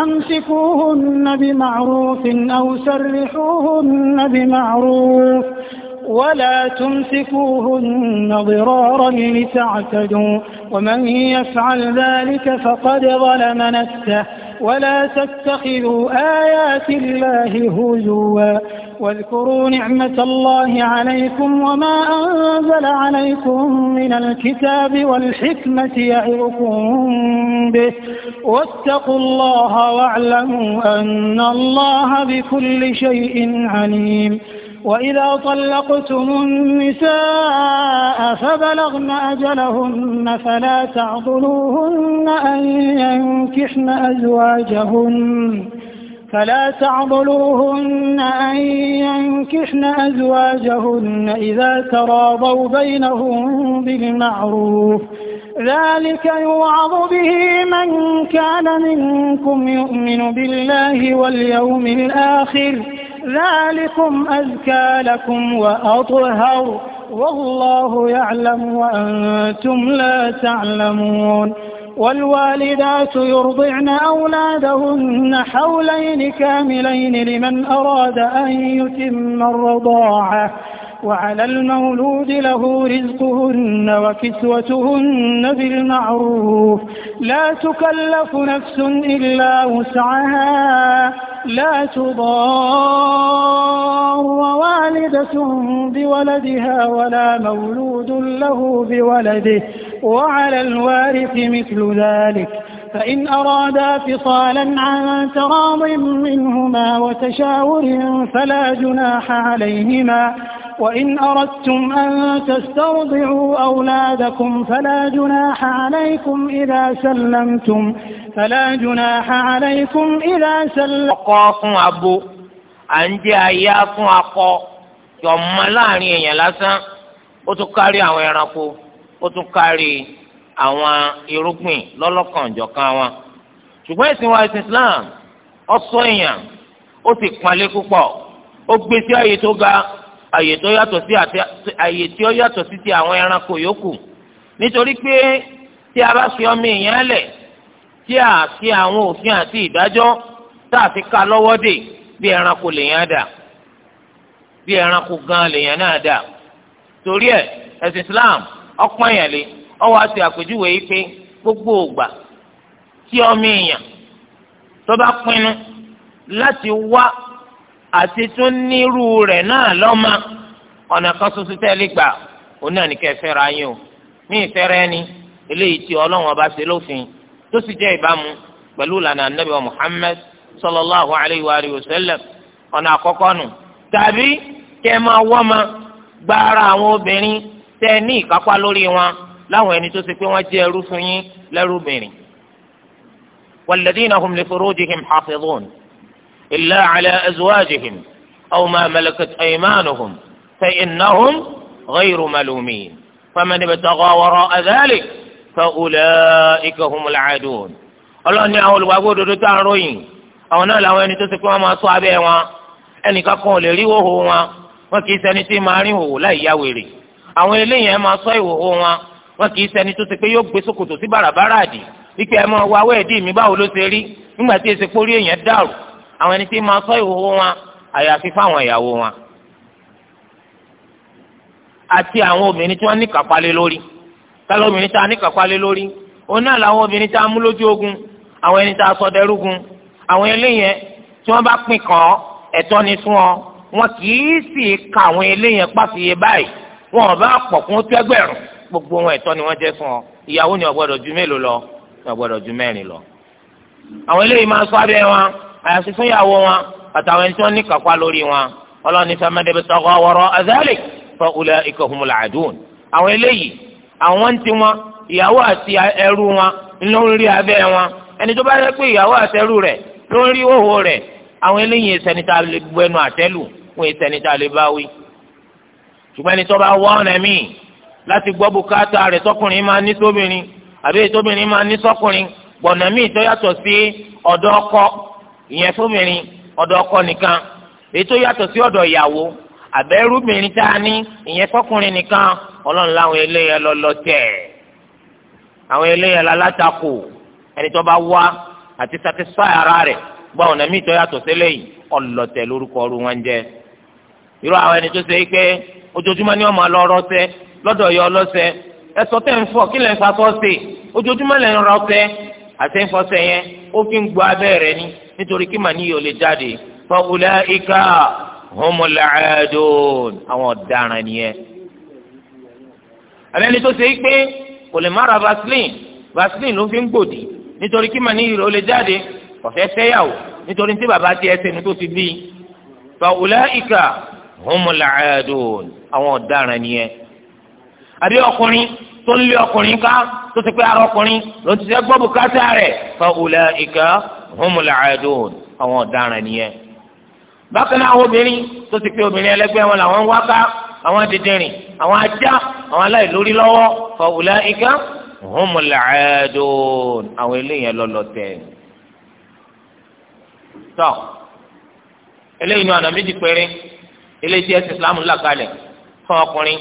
أمسكوهن بمعروف أو سرحوهن بمعروف ولا تمسكوهن ضرارا لتعتدوا ومن يفعل ذلك فقد ظلم نفسه ولا تتخذوا آيات الله هزوا واذكروا نعمة الله عليكم وما أنزل عليكم من الكتاب والحكمة يعظكم به واتقوا الله واعلموا أن الله بكل شيء عليم وإذا طلقتم النساء فبلغن أجلهن فلا تعضلوهن أن ينكحن أزواجهن فلا تعضلوهن أن ينكحن أزواجهن إذا تراضوا بينهم بالمعروف ذلك يوعظ به من كان منكم يؤمن بالله واليوم الآخر ذلكم أزكى لكم وأطهر والله يعلم وأنتم لا تعلمون والوالدات يرضعن أولادهن حولين كاملين لمن أراد أن يتم الرضاعة وعلى المولود له رزقهن وكسوتهن بالمعروف لا تكلف نفس إلا وسعها لا تضار والدة بولدها ولا مولود له بولده وعلى الوارث مثل ذلك فإن أرادا فصالا عن تراض منهما وتشاور فلا جناح عليهما وإن أردتم أن تسترضعوا أولادكم فلا جناح عليكم إذا سلمتم فلا جناح عليكم إذا سلمتم أبو أنجي أياكم أقو يوم ملاني يلسا وتكاري أوينكم ó tún kárí àwọn irúgbìn lọ́lọ́kanjọ̀kan wọn ṣùgbọ́n ẹ̀sìn wa ẹ̀sìn Islam ọ̀sọ́ èèyàn ó sì pọ́nlé púpọ̀ ó gbé sí àyè tó ga àyè tó yàtọ̀ sí àti àyè tí ó yàtọ̀ sí ti àwọn ẹranko yòókù nítorí pé tí a bá fi ọmọ èèyàn lẹ̀ tí a fi àwọn òfin àti ìdájọ́ tá a fi ka lọ́wọ́ dè bí ẹranko lèèyàn dà bí ẹranko gan lèèyàn náà dà torí ẹ̀ ẹ̀sìn Islam ọpọ́n yẹn lé ọwọ́ àti àpèjúwe yìí pé gbogbo ògbà tí ọmọ èèyàn tó bá pinnu láti wá àti tún nírú rẹ̀ náà lọ́mọ ọ̀nà kan ṣoṣo tẹ́lẹ̀ gbà náà ní yín o ní ni eléyìí tí ọlọ́run ọba ṣe lófin tó sì jẹ́ ìbámu pẹ̀lú ìlànà alayhi wa sallam ọ̀nà àkọ́kọ́ nù tàbí kẹ́ máa tẹ́ ẹ ní ìkápá lórí wọn láwọn ẹni tó ṣe pé wọ́n jẹ́ ẹrú fún yín lẹ́rúbìnrin. والذين هم لفروجهم حافظون إلا على أزواجهم أو ما ملكت أيمانهم فإنهم غير ملومين فمن ابتغى وراء ذلك فأولئك هم العادون ọlọ́run ní àwọn olùwàgbọ́ òdodo tá à ń àwọn náà làwọn ẹni tó ti pé wọ́n máa sọ abẹ́ wọn ẹnìkan kan ò lè rí hòhò wọn wọn kì í ṣẹni tí máa rí hòhò láì yá wèrè àwọn eléyìí ẹ máa sọ ìhòòhò wọn wọn kì í ṣẹni tó ṣe pé yóò gbé ṣòkòtò sí bàràbàrà àdì wípé ẹ máa wá wẹ́ẹ̀dì mi báwo ló ṣe rí nígbà tí èsì pórí èèyàn dàrú àwọn ẹni tí máa sọ ìhòòhò wọn àyàfi fáwọn ìyàwó wọn àti àwọn obìnrin tí wọ́n ní kàpálẹ́ lórí tálọ́ obìnrin tá a ní kàpálẹ́ lórí òun náà làwọn obìnrin tá a mú lójú ogun àwọn ẹni tá a sọ dẹrúgun àwọn eléyẹn tí wọ́n bá pín kàn ẹ̀tọ́ ni fún ọ wọn kì í sì ka àwọn eléyẹn pàṣẹ báyìí wọn ò bá pọ̀ kún tó ẹgbẹ̀rún gbogbo wọn ẹ̀tọ́ ni wọ́n jẹ́ fún ọ ìyàwó ni ò gbọ́dọ̀ ju mélòó lọ ò gbọ́dọ̀ ju mẹ́rin lọ. àwọn eléyìí máa sọ abẹ́ wọn àyàfi fún ìyàwó wọn àtàwọn ẹni tí wọ́n ní kápá lórí wọn ọlọ́ni fẹ́mẹ́dẹ́bẹ́ sọ́kọ́ wọ́rọ́ azalik fọ́kulẹ̀ ikọ̀húnmùlà àdùn. àwọn eléyìí àwọn ti wọn ìyàwó àti ẹrú wọn ló ń rí abẹ́ wọn ẹni tó bá yẹ pé ìyàwó àti ẹrú rẹ̀ ló ń rí òhò rẹ̀ àwọn eléyìí ẹsẹ̀ níta lè gbẹnu àtẹ́lù fún ẹsẹ̀ níta lè báwí ṣùgbọ́n ẹni tó bá wá ọ̀nà míì láti gbọ́ bùkátà rẹ̀ tọkùnrin máa ní sóbìnrin àbí tóbìnrin máa ní sọkùnrin gbọ̀nà míì tó yàtọ̀ sí ọ̀dọ̀ ọkọ ìyẹn fóbìnrin ọ̀dọ̀ ọkọ nìkan èyí tó yàtọ̀ sí ọ̀dọ̀ ìyàwó àbẹ́rúbìnrin tá a ní ìyẹn fọkùnrin nìkan ọlọ́run láwọn eléyẹ lọ́lọ́ tẹ̀ àwọn eléyẹ lálátakò ẹni tó bá wá àti satisfy ara rẹ̀ gbọ́ ọ̀nà tó yàtọ̀ sí eléyìí ọlọ́tẹ̀ lórúkọ ọrùn wọn jẹ́ irú àwọn ẹni tó ṣe é pé ojoojúmọ́ ni wọ́n máa lọ rọ́ọ̀sẹ́ lọ́dọ̀ yọ ọlọ́sẹ́ ẹsọ tẹ́ ń fọ kí lẹ́ ń fa sọ́ọ̀sì ojoojúmọ́ lẹ́ ń rọ́ọ̀sẹ́ àti ń fọsẹ̀ yẹn ó fi ń gbọ́ abẹ́ rẹ̀ ni nítorí kí màá níyì ò lè jáde fọwọ́lá ika homolàádùn àwọn ọ̀daràn nìyẹn. àbẹ́ni tó ṣe pé kò lè má vaseline vaseline ló fi ń gbòdì nítorí kí màá níyì ò lè jáde ọ̀fẹ́ fẹ́yàwó nítorí tí bàbá tiẹ̀ sẹ́nu tó ti bí fọwọ́lá ika humul aadun àwọn ọ̀daràn nìyẹn àbí ọkùnrin tó ń lé ọkùnrin ká tó ti pé ara ọkùnrin ló ti ṣe gbọ́ bùkátà rẹ̀ fa ulaika humul aadun àwọn ọ̀daràn nìyẹn. bákan náà àwọn obìnrin tó ti pé obìnrin ẹlẹgbẹ́ wọn làwọn ń wá ká àwọn dídìrín àwọn ajá àwọn aláìlórí lọ́wọ́ fa ulaika humul aadun àwọn eléyìí lọ́lọ́ tẹ̀. tọ́ eléyìí ni ọ̀nà méjì péré eléyìí tí ẹsẹ islam là kalẹ̀ fún ọkùnrin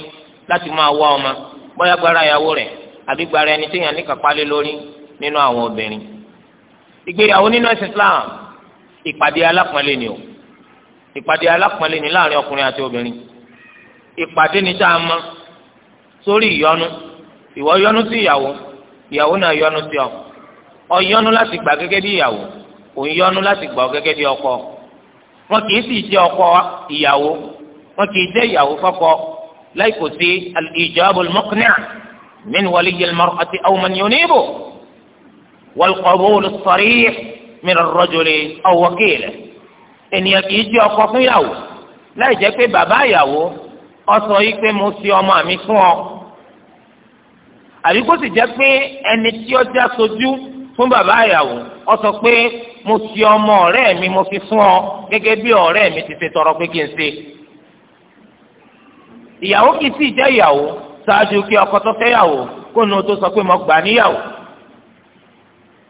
láti máa wá ọmọ bóyá gbára ìyàwó rẹ̀ àbí gbára ẹni tí yàn ní kápálẹ lórí nínú àwọn obìnrin ìgbéyàwó nínú ẹsẹ islam ìpàdé alápọ̀nlé ni o ìpàdé alápọ̀nlé ni láàrin ọkùnrin àti obìnrin ìpàdé ni tá a mọ sórí ìyọnu ìwọ yọnu sí ìyàwó ìyàwó náà yọnu sí ọ ọ yọnu láti gbà gẹ́gẹ́ bí ìyàwó òun yọnu láti gbà ọ gẹ́gẹ́ bí ọkọ wọn kì í sì jẹ́ ọkọ ìyàwó wọn kì í jẹ́ ìyàwó fọ́kọ láì kò sí al-ijab al-muqni' min waliyyi al-mar'ati aw man yunibu wal-qabul as-sarih min ar-rajuli aw wakilihi ènìyàn kì í jẹ́ ọkọ fún ìyàwó láì jẹ́ pé bàbá ìyàwó ó yìí pé mo fi ọmọ mi fún ọ àbí kó sì jẹ́ pé ẹni tí ó já sojú fún bàbá ìyàwó ó pé mo fi ọmọ ọ̀rẹ́ mi mo fi fún ọ gẹ́gẹ́ bí ọ̀rẹ́ mi ti ṣe tọrọ pé kí n ṣe. ìyàwó kì í sì jẹ́ ìyàwó ṣáájú kí ọkọ tó fẹ́yàwó kó nu tó sọ pé mo gbà níyàwó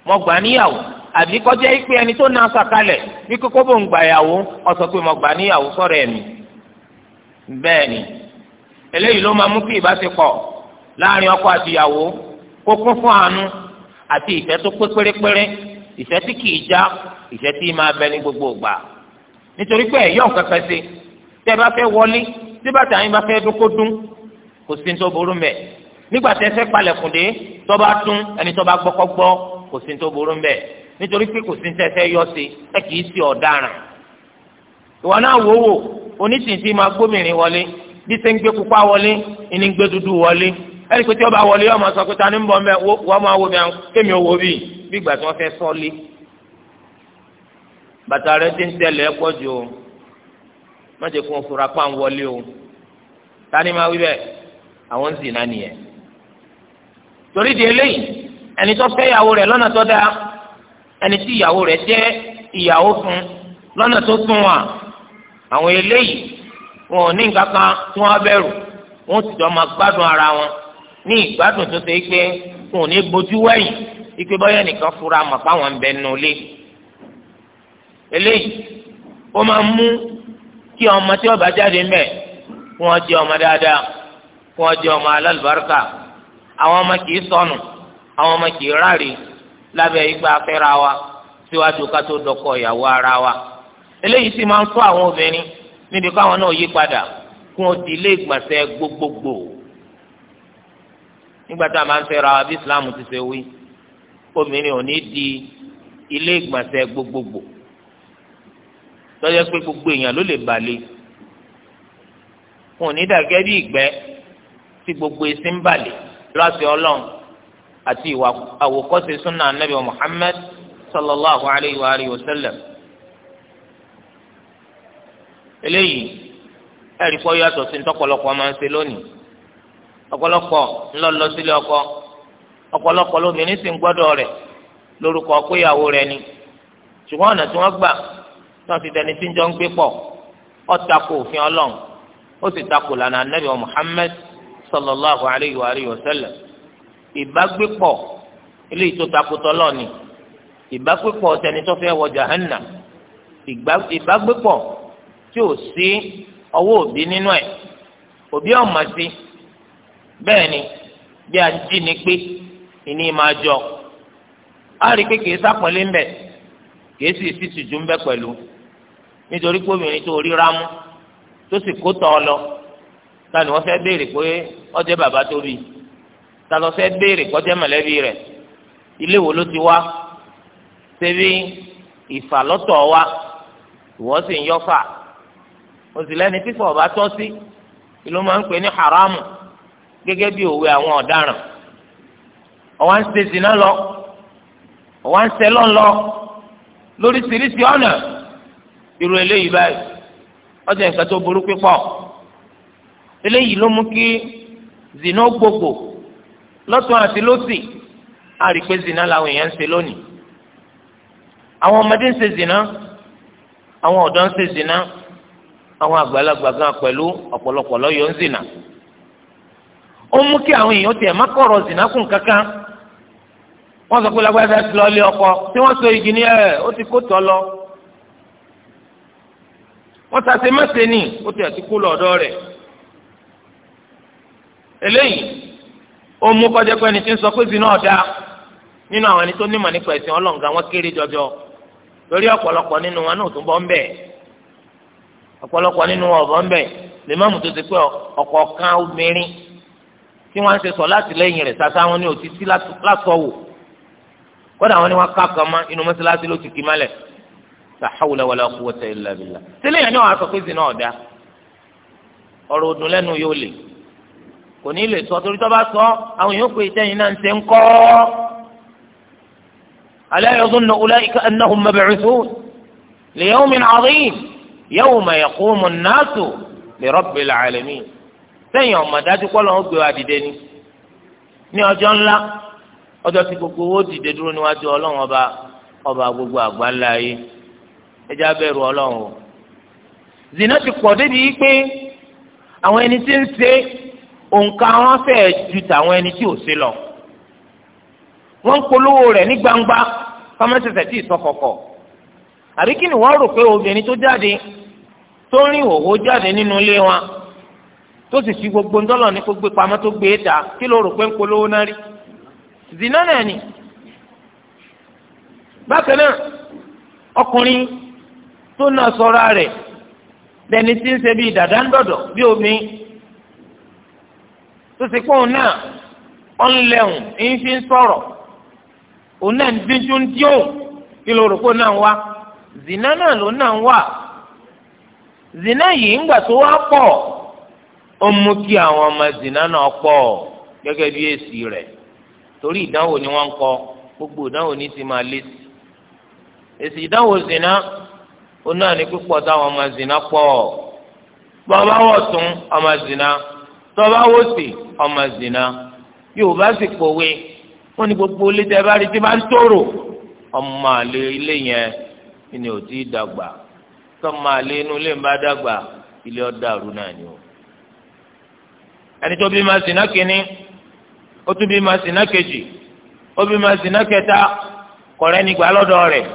mo gbà níyàwó àbí kọjá yìí pé ẹni tó na sàkalẹ̀ bí kókó bò ń gbà yàwó ó sọ pé mo gbà níyàwó sọ̀rọ̀ ẹ̀mí. bẹ́ẹ̀ eléyìí ló máa mú kí ìbáṣepọ̀ láàrin ọkọ àtìyàwó kó kún fún àánú àti ìfẹ́ tó pé pérépéré ìfẹ́ tí kìí já ìfẹ́ tí máa bẹ ní gbogbo ìgbà nítorí pé ẹ̀yọ́ kankan sí tẹ́ bá fẹ́ wọlé tí bàtà yín bá fẹ́ dókó dún kò sí ní tó burú mbẹ̀ nígbà tẹ́ fẹ́ palẹ̀kùn dé tó bá tún ẹni tó bá gbọ́kọ́ gbọ́ kò sí ní tó burú mbẹ̀ nítorí pé kò sí ní tẹ́ fẹ́ yọ sí ẹ kìí sí ọ̀daràn ìwọ náà wò wò oníṣìṣì máa gbómìnrin wọlé bí sẹ́ńgbé pupa wọlé ìní gbé dúdú wọlé ẹni pé tí ọba wọlé ọmọ sọ pé ta ni ń bọ̀ mẹ́ wọ́n máa wo mi kémi ò bíi bí ìgbà tí wọ́n fẹ́ sọ́lé bàtà rẹ ti ń tẹ̀lé ẹ pọ̀ jù o má jẹ́ kó o fura pa ń wọlé o tani máa wí bẹ́ẹ̀ àwọn ń sì náà nìyẹn torí di eléyìí ẹni tó fẹ́ ìyàwó rẹ̀ lọ́nà tó dáa ẹni tí ìyàwó rẹ̀ jẹ́ ìyàwó fún lọ́nà tó sún wa àwọn eléyìí wọn ò ní nǹkan kan tí wọ́n bẹ̀rù wọn ti jọ máa gbádùn ara wọn ní ìgbádùn tó ṣe é pé wọn ò ní bójú wẹ̀yìn ikpe bọ́yọ̀ nìkan fura mọ̀ fáwọn ń bẹ nù lé eléyìí ó máa mú kí ọmọ tí ọba jáde ń bẹ kí wọ́n jẹ ọmọ dáadáa kí wọ́n jẹ ọmọ alálùbáríkà àwọn ọmọ kì í sọnù àwọn ọmọ kì í ráre lábẹ́ ìgbà afẹ́ra wa síwájú ká tó dọkọ ìyàwó ara wa eléyìí sì máa ń fún àwọn obìnrin níbi káwọn náà yí padà kí wọ́n ilé ìgbọ̀nsẹ̀ gbogbogbò nígbà tá a máa ń fẹ́ra wa bí islam ti ṣe wí obìnrin ò ní di ilé ìgbọ̀nsẹ̀ gbogbogbò lọ́jọ́ pé gbogbo èèyàn ló lè balẹ̀ wọn ò ní dàgẹ́ bí ìgbẹ́ tí gbogbo èsì ń balẹ̀ láti ọlọ́run àti ìwà àwòkọ́ṣe súnà anábì Muhammad sallallahu alayhi wa alayhi wa sallam eléyìí ẹ̀rí pọ́ yàtọ̀ sí ní tọ́pọ̀lọpọ̀ máa ń ṣe lónìí ọ̀pọ̀lọpọ̀ ńlọ lọ sílé ọkọ ọ̀pọ̀lọpọ̀ lóbìnrin sì ń gbọ́dọ̀ rẹ̀ lórúkọ péyàwó rẹ̀ ni ṣùgbọ́n ọ̀nà tí wọ́n gbà náà ti dẹni tí ń jọ ń gbé pọ̀ ó tako òfin ọlọ́run ó sì tako lànà anabi muhammed sallallahu alayhi wa alayhi wa sallam ìbágbépọ̀ eléyìí tó tako tọ́lọ́ ni ìbágbépọ̀ tẹni tó fẹ́ wọ jahanna, ìbágbépọ̀ tí ò sí ọwọ́ òbí nínú ẹ̀ òbí ọ̀mọ̀ sí bẹ́ẹ̀ ni bí a jí ni pé ìní máa jọ á rí i pé kìí isi ńbẹ kìí sì sí tìjú ńbẹ pẹ̀lú nítorí pé obìnrin tó rí rámú tó sì kó tọ́ ọ lọ ta ni wọ́n fẹ́ béèrè pé ọjọ́ bàbá ta lọ fẹ́ béèrè kọjá mọ̀lẹ́bí rẹ̀ ilé wo ló ti wá ṣebí ìfàlọ́tọ̀ wa ìwọ́n sì ń òsìlẹ́ni fífọ̀ ọba tọ́ sí ìlú máa ń pè ní haramu gẹ́gẹ́ ọwọ́ ń ṣe zina lọ ọwọ́ ń ṣe lọ́n lọ lóríṣiríṣi ọ̀nà irú eléyìí báyìí ọjà nǹkan tó burú pípọ̀ eléyìí ló mú kí zina gbogbo lọ́tún àti lọ́sì àrípé zina làwọn èèyàn ń ṣe lónìí àwọn ọmọdé ń ṣe zina àwọn ọ̀dọ́ ń ṣe zina àwọn àgbàlagbà gan pẹ̀lú ọ̀pọ̀lọpọ̀ lọ́yọ̀ ń zina ó mú kí àwọn èèyàn tiẹ̀ má kọ̀rọ̀ zina kún kankan wọ́n sọ pé lágbájá ti lọ ilé ọkọ tí wọ́n so igi ní ẹ̀ ó ti kó tọ́ lọ wọ́n sase mẹ́sẹ̀ ní ó ti àti kó lọ ọ̀dọ́ rẹ̀ eléyìí ó mú kọjá pé ẹni tí ń sọ pé zina ọ̀dà nínú àwọn ẹni tó nímọ̀ nípa ẹ̀sìn ọlọ́ǹgá wọn kéré jọjọ lórí ọ̀pọ̀lọpọ̀ nínú wọn náà tó bọ́ ń bẹ̀ ọ̀pọ̀lọpọ̀ nínú wọn ọ̀bọ̀ ń bẹ̀ lè má mú tó ti pé ọ̀kọ̀ọ̀kan obìnrin tí wọ́n ń ṣe sọ láti lẹ́yìn rẹ̀ sasa wọn ni òtítí lásọ̀wò kódà àwọn ni wọn ká kan mọ inú mọ́sálásí ló ti kì í mọ́lẹ̀ sàhàwùlẹ̀ wàlẹ̀ quwwata illa billah sílẹ̀ yẹn ni wọn aṣọ pé zina ọ̀dà ọ̀rọ̀ òdùn lẹ́nu yóò lè kò ní lè sọ torí tó bá sọ àwọn yóò pé ìtẹ́yìn náà ń ṣe ń kọ́ ala yazunnu ulaika annahum mab'uthun li yawmin 'azim yawma yaqumu an-nasu li rabbil 'alamin sẹ́yìn ọ̀mọ̀dájú kọ́ lọ́wọ́ gbé wa dìde ni ní ọjọ́ ńlá ọjọ́ tí gbogbo owó dìde dúró níwájú ọlọ́run ọba ọba gbogbo àgbáńlá yìí ẹjẹ́ abẹ́rù ọlọ́run o zina ti pọ̀ débi pé àwọn ẹni tí ń ṣe òǹkà wọn fẹ́ẹ̀ ju tàwọn ẹni tí ò ṣe lọ wọ́n ń polówó rẹ̀ ní gbangba fámẹ́sẹ̀sẹ̀ tí ì sọ kọ̀kọ̀ àbí kí ni wọ́n rò pé obìnrin tó jáde tó rìn òwò jáde nínú ilé wọn tó sì fi gbogbo ńdọ́lọ̀ ní gbogbo pamọ́ tó gbé ta e kí ló rò pé ń polówó náà rí zina náà bákan náà na sọra rẹ̀ lẹni tí ń ṣe bíi dàda ń bí omi tó ti kó òun náà fi sọ̀rọ̀ òun náà ń díjú ń díò kí ló rò pé náà wá zina náà ló náà zina yìí ńgbà tó wá pọ̀ ó mú kí àwọn ọmọ zina náà torí ìdánwò ni wọ́n ń kọ gbogbo ìdánwò ní ti máa lé sí èsì ìdánwò zina ó náà ní pípọ̀ táwọn ọmọ zina pọ̀ bàbá wọ̀ tún ọmọ zina tọ́ba wò sí ọmọ zina yorùbá sì pòwe wọ́n ní gbogbo ilé tẹ́ bá rí tí bá ń tòrò ọmọ àlè ilé yẹn ni ò tí ì dàgbà tọ́mọ àlè inú ilé ń bá dàgbà ilé ọ̀dàrú náà ni o ẹni tó bí ma zina kínní ó tún bí ma sìnà kejì o bí ma sìnà kẹta kọ̀rẹ́ nígbà lọ́dọ̀ rẹ̀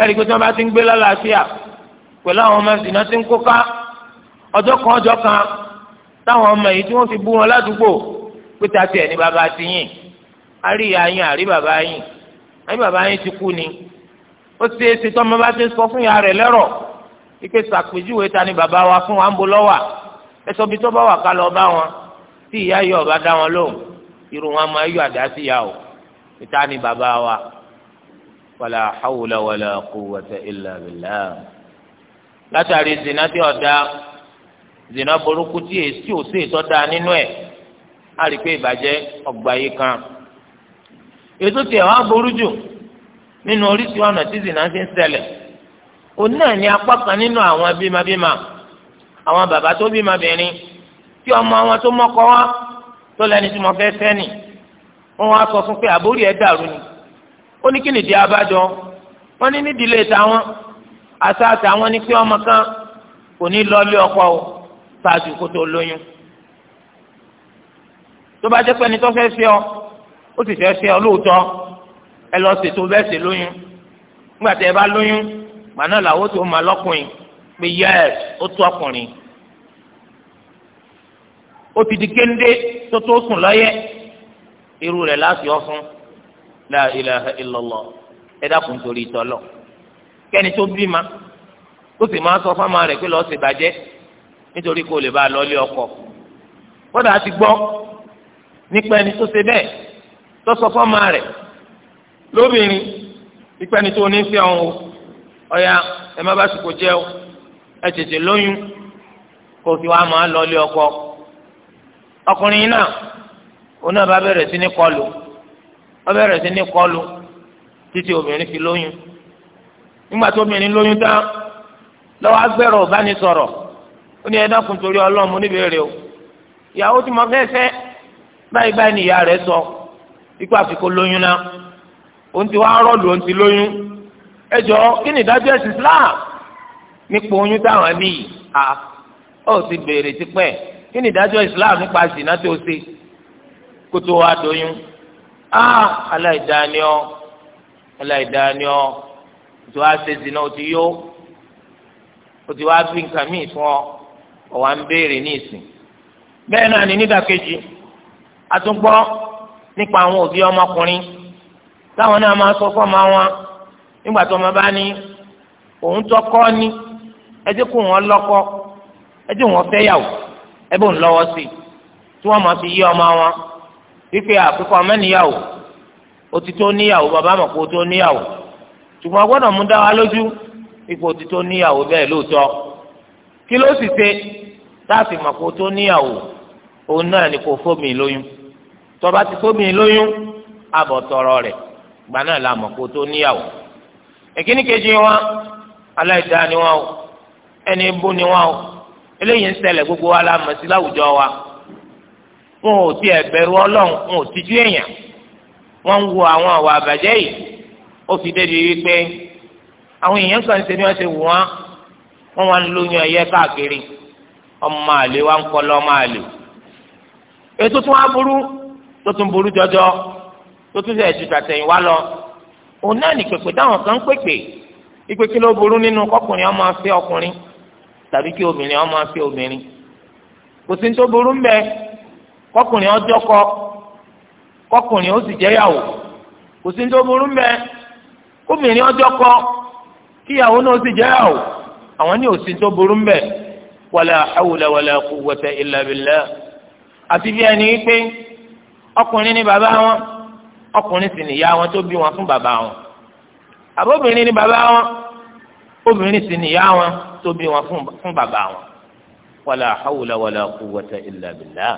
ẹ̀rí pé tí wọ́n bá ti ń gbé lálàáfíà pẹ̀lú àwọn ọmọ sìnà tí ń kó ká ọjọ́ kan ọjọ́ kan táwọn ọmọ yìí tí wọ́n fi bú wọn ládùúgbò pé ta tiẹ̀ bàbá ti yìn àrí ìyá yín àrí bàbá yín àrí bàbá yín ti kú ni ó ṣe é ṣe tọ́mọ bá ti sọ fún ìyá rẹ̀ lẹ́rọ̀ ike ṣàpèjúwe ta ni bàbá wa fún wa ń bo lọ́wà ẹ sọ bí tó bá wà ká lọ bá wọn tí ìyá yọ ọba dá wọn lóhùn irun wọn máa yọ àdá sí ìyá o níta ni bàbá wa wàlà hawla wàlà quwwata illa billah látàrí zina tí ọ̀dà zina burúkú tí èsì òsè tọ́da nínú ẹ̀ á rí i pé ìbàjẹ́ ọgbà yìí kan ètò tí ẹ̀wọ̀n aburú jù nínú oríṣi ọ̀nà tí zina ti ń ṣẹlẹ̀ òun náà ni apá kan nínú àwọn bímabíma àwọn bàbá tó bímabìnrin kí ọmọ wọn tó mọ́kọ wọn tó lẹ́ni tí mo fẹ́ sẹ́ni wọn wá sọ fún pé àbórí ẹ̀ dàrú ni ó ní kí nìdí abájọ wọn ní nídìílé tàwọn àṣà àtàwọn ní pé ọmọ kan kò ní lọ́ọ́lé ọkọ o ṣáàjú kó tó lóyún tó bá jẹ́ pé ẹni tó fẹ́ fẹ́ ọ ó sì fẹ́ fẹ́ ọ lóòótọ́ ẹ lọ ṣètò bẹ́ẹ̀ ṣe lóyún nígbà tí ẹ bá lóyún gbà náà làwọn tó máa lọ́kùnrin pé yẹ́ẹ̀ ó tó ọkùnrin ó ti di kéńdé tó tó sùn lọ́yẹ́ irú rẹ̀ láti ọ la ilaha illallah ẹ dákun torí ìtọ́lọ̀ kẹ́ni tó bí ma ó sì máa sọ fáwọn rẹ̀ pé lọ́ọ́ ṣe bàjẹ́ nítorí kó lè bá a lọ́ọ́lé ọkọ̀ kódà ti gbọ́ nípa ẹni tó ṣe bẹ́ẹ̀ tó sọ fáwọn rẹ̀ lóbìnrin nípa ẹni tó ní fẹ́ ọ̀hún ọ̀yà ẹ má bá sùkò jẹ́ ọ tètè lóyún kó fi wá máa lọ́ọ́lé ọkọ̀ ọkùnrin náà òun náà bá bẹ̀rẹ̀ sí ní kọlu ó bẹ̀rẹ̀ sí ní kọlu títí obìnrin fi lóyún nígbà tó obìnrin lóyún tán lọ́wọ́ agbẹ́rọ̀ ọ̀bánisọ̀rọ̀ ó ní torí ọlọ́run ìyá rẹ̀ sọ ikú àfikún lóyún náà òun ti wá rọ́ọ̀lù òun ti lóyún ẹ jọ kí ni ìdájọ́ ẹ̀sìn Islam oyún táwọn yìí ó ti kí ni ìdájọ́ islam nípa ṣìnà tó ṣe kó tó wá doyún á aláìdáníọ́ aláìdáníọ́ tó wá ṣe zina ó ti yó ó ti wá bí nǹkan míì fún ọ ọ̀wá ń béèrè ní ìsìn bẹ́ẹ̀ náà ni nídàkejì àtúngbọ́ nípa àwọn òbí ọmọkùnrin táwọn náà máa sọ fún ọmọ wọn nígbà tó ọmọ bá ní òun tọkọ ni ẹ jẹ́ kó wọn lọ́kọ ẹ jẹ́ wọn fẹ́yàwó. ẹbí òun lọ́wọ́ sí i tí wọ́n máa fi yí ọmọ wọn wípé àkókò ọmọ níyàwó ó ti tó níyàwó bàbá àmọ̀ kó tó níyàwó ṣùgbọ́n gbọ́dọ̀ mú dá wa lójú ipò ti níyàwó bẹ́ẹ̀ lóòótọ́ kí ló sì ṣe láti mọ̀ kó tó níyàwó òun náà ni kò fómi lóyún tó bá ti fómi lóyún àbọ̀ tọrọ rẹ̀ gba náà la mọ̀ kó tó níyàwó èkíní kejì wọn aláìdáa ni wọn o ẹni bú ni wọn o eléyìí ń ṣẹlẹ̀ gbogbo wa la mọ̀ sí láwùjọ wa wọn ò tiẹ̀ bẹ̀rù ọlọ́run wọn ò tijú èèyàn wọn ń wo àwọn àwọ̀ àbàjẹ́ yìí ó fi débi wípé àwọn èèyàn kan ṣe bí wọ́n ṣe wù wọ́n wọ́n wá ń lóyún ẹyẹ káàkiri ọmọ àlè wa ń kọ́ lọ́mọ àlè ètò tún wá burú tó tún burú jọjọ tó tún ṣe ju tàtẹ̀yìn wá lọ òun náà ní pèpè táwọn kan ń pèpè ìpè burú nínú kọkùnrin ọmọ afẹ́ ọkùnrin tàbí kí obìnrin ọmọ fi obìnrin kò sí tó burú ń bẹ kọkùnrin ọjọ́ kọ kọkùnrin ó sì jẹ́yàwó kò sí tó burú ń bẹ kóbìnrin ọjọ́ kọ kíyàwó náà ó sì jẹ́yàwó àwọn ní òsì tó burú ń bẹ wala hawla wala quwwata illa billah àti bí ẹni pé ọkùnrin ni bàbá wọn ọkùnrin sì nìyá wọn tó bí wọn fún bàbá wọn àbóbìnrin ni bàbá wọn obìnrin sì nìyá wọn tó bí wọn fún bàbá wọn wàlà hawla wàlà quwwata illa billah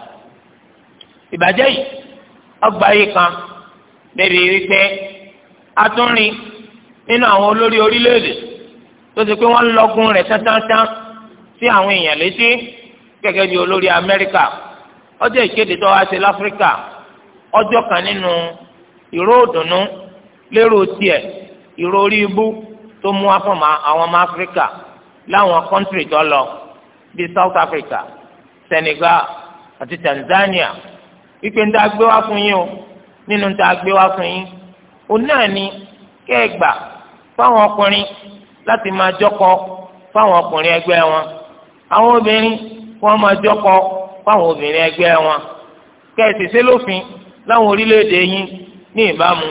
ìbàjẹ́ yìí ọgbà yìí kan bẹ́ẹ̀ bí wípé atúnrin nínú àwọn olórí orílẹ̀-èdè tó ti pé wọ́n lọ́gùn rẹ̀ tántántán sí àwọn èèyàn létí gẹ́gẹ́ bí olórí amẹ́ríkà ọjọ́ ìkéde tó wá sí láfíríkà ọjọ́ kan nínú ìró òdùnnú lérò tiẹ̀ ìró orí ibú tó mú afọ́mọ́ àwọn ọmọ áfíríkà láwọn kọ́ńtìrì tó lọ bíi South Africa Senegal àti Tanzania wípé ń tá a gbé wá fún yín o nínú ń tá a gbé wá fún yín òun náà ni kẹ́ẹ̀gbà fáwọn ọkùnrin láti máa jọ́kọ fáwọn ọkùnrin ẹgbẹ́ wọn àwọn obìnrin wọn máa jọ́kọ fáwọn obìnrin ẹgbẹ́ wọn kẹ́ẹ̀sì ṣe lófin láwọn orílẹ̀-èdè yín ní ìbámu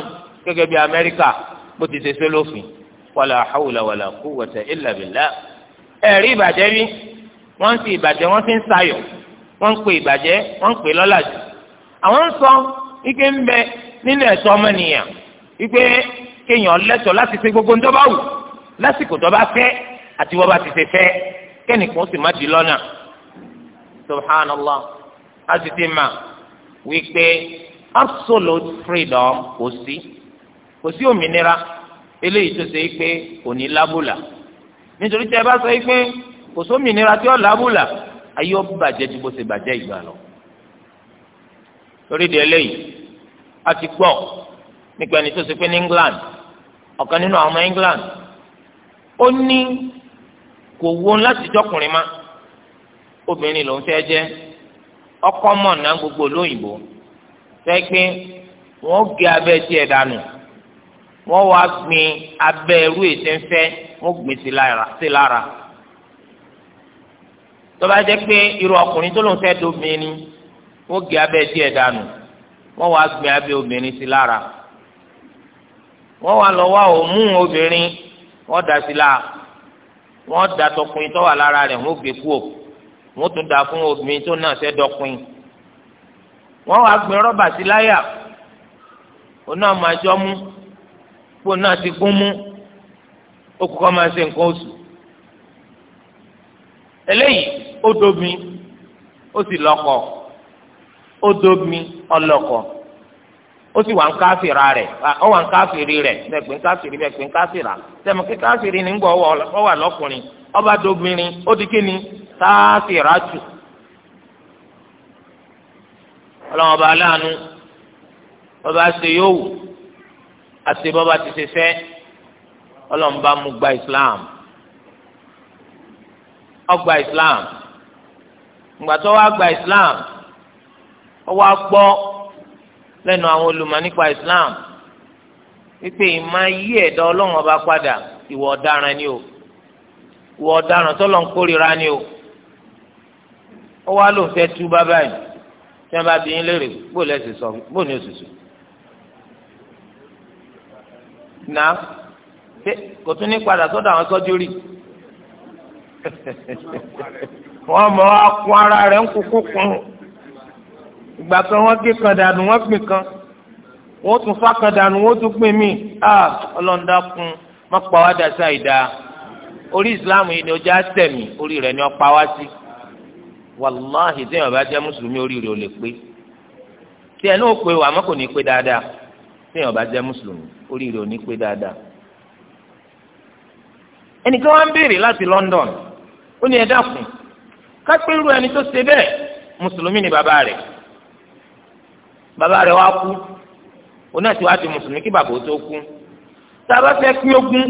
gẹ́gẹ́ bí Amẹ́ríkà bó ti ṣe ṣe lófin wàlà hàwùlà wàlà kúwwata illa billah ẹ̀rí ìbàjẹ́ rí wọ́n ń fi ìbàjẹ́ wọ́n fi ń sayọ̀ wọ́n ń pè ìbàjẹ́ wọ́n ń pè lọ́làjú. àwọn ń sọ ike ń bẹ nínú ẹ̀tọ́ ọmọnìyàn wípé kéèyàn lẹ́tọ̀ọ́ láti ṣe gbogbo ń dọ́bà wù lásìkò dọ́bà fẹ́ àti wọ́n bá ti ṣe fẹ́ kẹ́nìkan sì má di lọ́nà. subhanallah a sì ti mà wípé absolute freedom kò sí kò sí òmìnira eléyìí tó ṣe é pé kò ní lábùlà nítorí tí ẹ bá sọ yìí pé kò sómìnira tí ó làbùlà ayé ó bàjẹ́ ju bó ṣe bàjẹ́ ìgbà lọ. lórí ìdí eléyìí a ti gbọ́ nípa ẹni tó ṣe pé ní England ọ̀kan nínú àwọn ọmọ England ó ní kò wo láti jọkùnrin má obìnrin lòún fẹ́ jẹ́ ọkọ mọ̀ náà gbogbo lóyìnbó fẹ́ pé wọ́n gé abẹ́ tiẹ̀ dànù wọ́n wá gbin abẹ́ irú ètè ń fẹ́ wọ́n gbìn sí lára sí lára tó bá jẹ́ pé irú ọkùnrin tó lóun fẹ́ domi ni wọ́n gé abẹ́ díẹ̀ dànù wọ́n wá gbìn abẹ́ obìnrin sí lára wọ́n wá lọ wá òmù obìnrin wọ́n dà sí la wọ́n dà tọkùnrin tó lára rẹ̀ wọ́n gbé kúò wọ́n tún dà fún obìnrin tó náà fẹ́ dọkùnrin wọ́n wá gbìn rọ́bà sí láyà òun náà máa jọ mú kó náà ti gún mú ó kú kọ́ máa ṣe nǹkan oṣù eléyìí ó domi ó sì lọ́kọ ó domi ọlọ́kọ ó sì wà ń káfìrà rẹ̀ ó wà ń káfìrì rẹ̀ bẹ́ẹ̀ pé ń káfìrì bẹ́ẹ̀ pé ń káfìrà tẹ̀mọ̀ kí káfìrì ní ń gbọ́ ọ wà lọ́kùnrin ọba domirin ó di kí ni káfìrà jù ọlọ́wọ́n ọba aláàánú ọba ṣe yóò wù àti bọ́ba ti ṣe fẹ́. ọlọ́mùbá mú gba islam ọgbà islam ìgbà tó wá gba islam ó wá gbọ́ lẹ́nu àwọn olùmọ̀ nípa islam wípé ìmọ̀ yí ẹ̀dá ọlọ́run ọba padà ìwọ ọ̀daràn ni o ìwọ ọ̀daràn tó lọ́n kórìíra ni o ó wá lóun fẹ́ tú bábá yìí tí wọ́n bá bí yín léèrè bó lẹ́sìn sọ bó ní oṣù sùn. kò tún ní padà sọ́dọ̀ àwọn sọ́jú rí wọ́n mọ á kó ara rẹ̀ ń kúkú kún ìgbà kan wọ́n gé kan dànù wọ́n pín kan wọ́n tún fá kan dànù wọ́n tún pín mí à ọlọ́ọ̀dà kun má pa wá dàsá ìdá orí ìsìláàmù yìí ni ọjà tẹ̀mí orí rẹ̀ ni ọ pa wá sí wàláhì tí èèyàn bá jẹ́ mùsùlùmí orí rẹ̀ ò lè pé tí ẹ̀ náà pé kò ní pé dáadáa tí jẹ́ mùsùlùmí orí rẹ̀ ò ní pé dáadáa. ẹnìkan wá ń béèrè láti London ó ní ẹ dákun kápẹ́rù ẹni tó ṣe bẹ́ẹ̀ mùsùlùmí ni bàbá rẹ̀ bàbá rẹ̀ wá kú òun náà ti wá di mùsùlùmí kí bàbá ó tó kú tá a bá fẹ́ pín ogún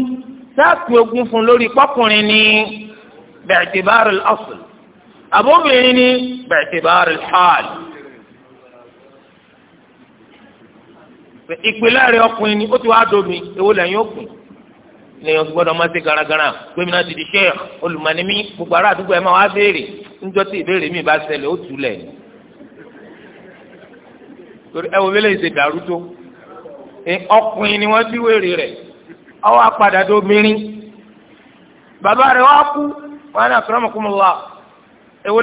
tá pín ogún fún lórí pọ́kùnrin ní bẹ̀rẹ̀tìbárò ọ̀sùn àbóbìnrin ní bẹ̀rẹ̀tìbárò hàl. ìpìlẹ̀ rẹ̀ ọkùnrin ni ó ti wá domi èwo lẹ́yìn ó kùn. lẹ́yìn ọtí gbọ́dọ̀ máa ṣe garagara gbẹmí náà ti di sheikh olùmọ̀nìmí gbogbo ara àdúgbò ẹ̀ máa wá béèrè níjọ́ tí ìbéèrè mi bá ṣẹlẹ̀ ó tù lẹ̀ torí ẹ wo bí lè dàrú tó ọkùnrin ni wọ́n ti wéèrè rẹ̀ ọwọ́ apàdà tó mìíràn bàbá rẹ̀ wá kú wọn náà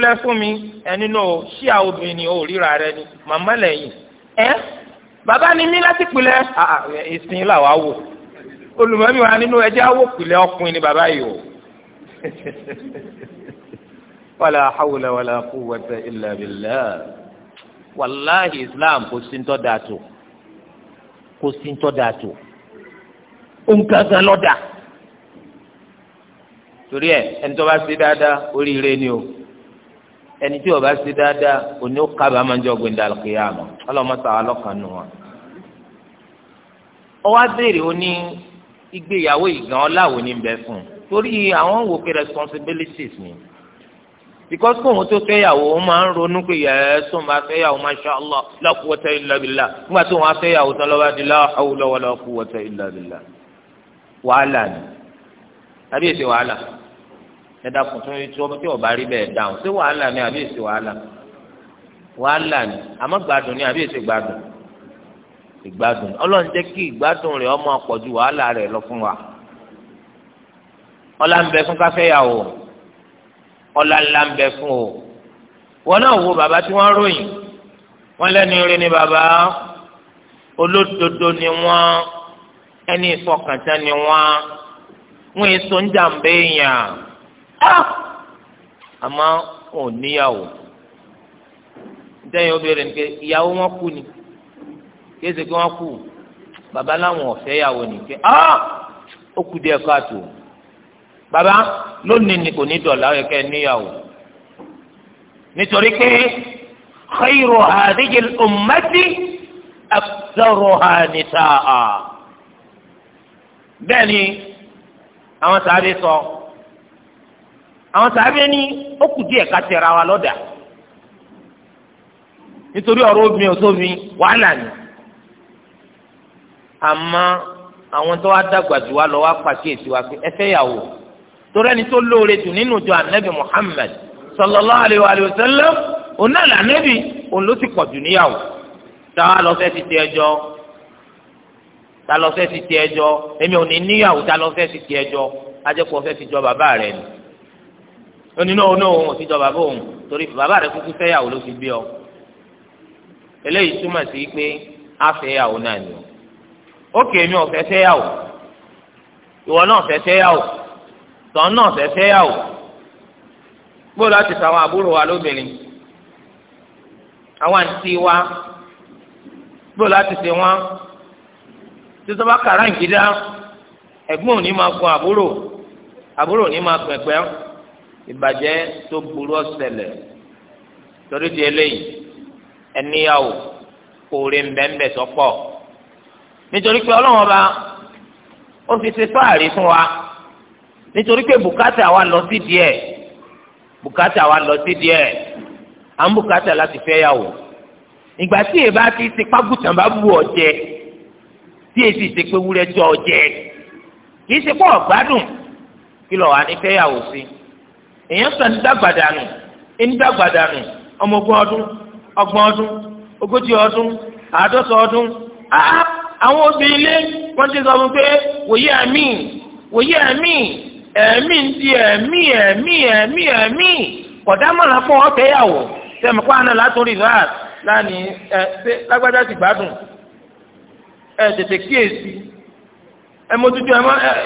wá fún mi ẹni náà ṣí àwọn obìnrin ò ríra rẹ ni màmá lẹ́yìn ẹ bàbá ni mí láti pilẹ̀ ìsìn làwọn wò. olùmọ̀mí wa nínú ẹjẹ́ awókùlẹ̀ ọkùnrin ni bàbá yìí o wàlà hawla wàlà quwwata illa billah wàláhì islam kò sí ntọ́ da tó kò sí ntọ́ da tó nkankan lọ́dà torí ẹ ẹni tó bá ṣe dáadáa oríire ni o ẹni tí ó bá ṣe dáadáa òní ó kábàámọ̀ ń jọ gbẹ̀ndà kìyàmọ̀ ọlọ́mọ sàwọn ọlọ́kan nù wọn. ọwọ́ abéèrè ó ìgbéyàwó ìgàn ọláwo ní bẹ fún un torí àwọn wò pé responsibilities ni because kóhun tó fẹ́yàwó ó máa ń ronú pé yẹ́ẹ́ tó máa fẹ́yàwó masha allah la quwwata illa billah nígbà tó wọn fẹ́yàwó tán lọ́wọ́ di la hawla wala quwwata wàhálà ni àbí èsì wàhálà ẹ̀dá kùtùn tí ọba rí bẹ́ẹ̀ dáhùn ṣé wàhálà ni àbí èsì wàhálà wàhálà ni àmọ́ gbádùn ni àbí èsì gbádùn ìgbádùn ọlọ́run jẹ́ kí ìgbádùn rẹ̀ ọmọ ọ̀pọ̀jù wàhálà rẹ̀ lọ fún wa ọlá ń bẹ fún káfẹ́yàwó ọlá ńlá ń bẹ fún o wọn náà wo bàbá tí wọ́n ròyìn wọ́n lẹ́nu rí ni bàbá olódodo ni wọ́n ẹni ìfọkàntán ni wọ́n wọ́n èso ń jàǹbá èèyàn àmọ́ wọn ò níyàwó ntẹ́yìn pé ìyàwó wọn kú ni kéésì kí wọ́n kú bàbá láwọn ọ̀fẹ́ yàwó nìkẹ́ ah ó kù díẹ̀ káàtó bàbá lónìí ni kò ní dọ̀là ẹ̀kẹ́ níyàwó nítorí pé khayru hadhihi al-ummati aktharuha nisaa bẹ́ẹ̀ ni àwọn sàbẹ̀ sọ àwọn sàbẹ̀ ni ó kù díẹ̀ ká tẹ̀ra wa lọ́dà nítorí ọ̀rọ̀ obìnrin ọ̀tọ́ mi wàhálà ni àmọ́ àwọn tó wá dàgbà jù wá lọ wá pàkíyèsí wa pé ẹ fẹ́ yàwó torí ẹni tó lóore jù nínú ìjọ ànábì Muhammad sallallahu alayhi wa sallam òun náà lànàbì òun ló ti pọ̀ jù níyàwó táwa lọ fẹ́ ti ti ẹjọ́ ta lọ fẹ́ fi ti ẹjọ́ èmi ò ní níyàwó ta lọ fẹ́ fi ti ẹjọ́ ajẹ́pọ̀ fẹ́ fi jọ bàbá rẹ̀ ni onínú òun náà òun ò fi jọ bàbá òun torí bàbá rẹ̀ kúkú fẹ́yàwó ló fi bí ọ eléyìí túmọ̀ sí pé àfẹ́yàwó náà ni o ókè mi ò fẹ́ fẹ́yàwó ìwọ náà fẹ́ fẹ́yàwó tọ́n náà fẹ́ gbọ́dọ̀ láti sàwọn àbúrò wa lóbìnrin àwọn àǹtí wa gbọ́dọ̀ láti sè wọ́n títí wọ́n bá kàrá ìgídá ẹ̀gbọ́n ò gun àbúrò àbúrò ìbàjẹ́ tó burú ọ̀sẹ̀lẹ̀ torí di eléyìí ẹníyàwó nítorí pé ọlọ́wọ́n bá ó fi ṣe fáàrí fún wa nítorí pé bùkátà wa lọ sí díẹ̀ bùkátà wa lọ sí díẹ̀ à ń bùkátà láti fẹ́ yàwó ìgbà tí èèbá ti ṣe pàgùtàn bá bu ọ̀jẹ̀ tí èsì ṣe pé wúrẹ́ jọ ọ̀jẹ̀ kì í ṣe pọ̀ gbádùn kí lọ wà ní fẹ́ yàwó sí èèyàn sọ ní dàgbàdà nù ní dàgbàdà nù ọmọ ogún ọdún ọgbọ̀n ọdún ogójì ọdún àádọ́sọ ọdún áá àwọn obìnrin ilé wọ́n ti sọ fún pé wòye àmì wòye àmì ẹ̀mí ń di ẹ̀mí ẹ̀mí ẹ̀mí ẹ̀mí kọ̀dámọ̀ràn fún ọ̀tẹ̀ yàwó sẹ́mi kó àná látún rìváàsì lánìí ẹ̀ ṣe lágbájá ti gbádùn ẹ̀ tètè kíyèsí ẹ̀ mójútó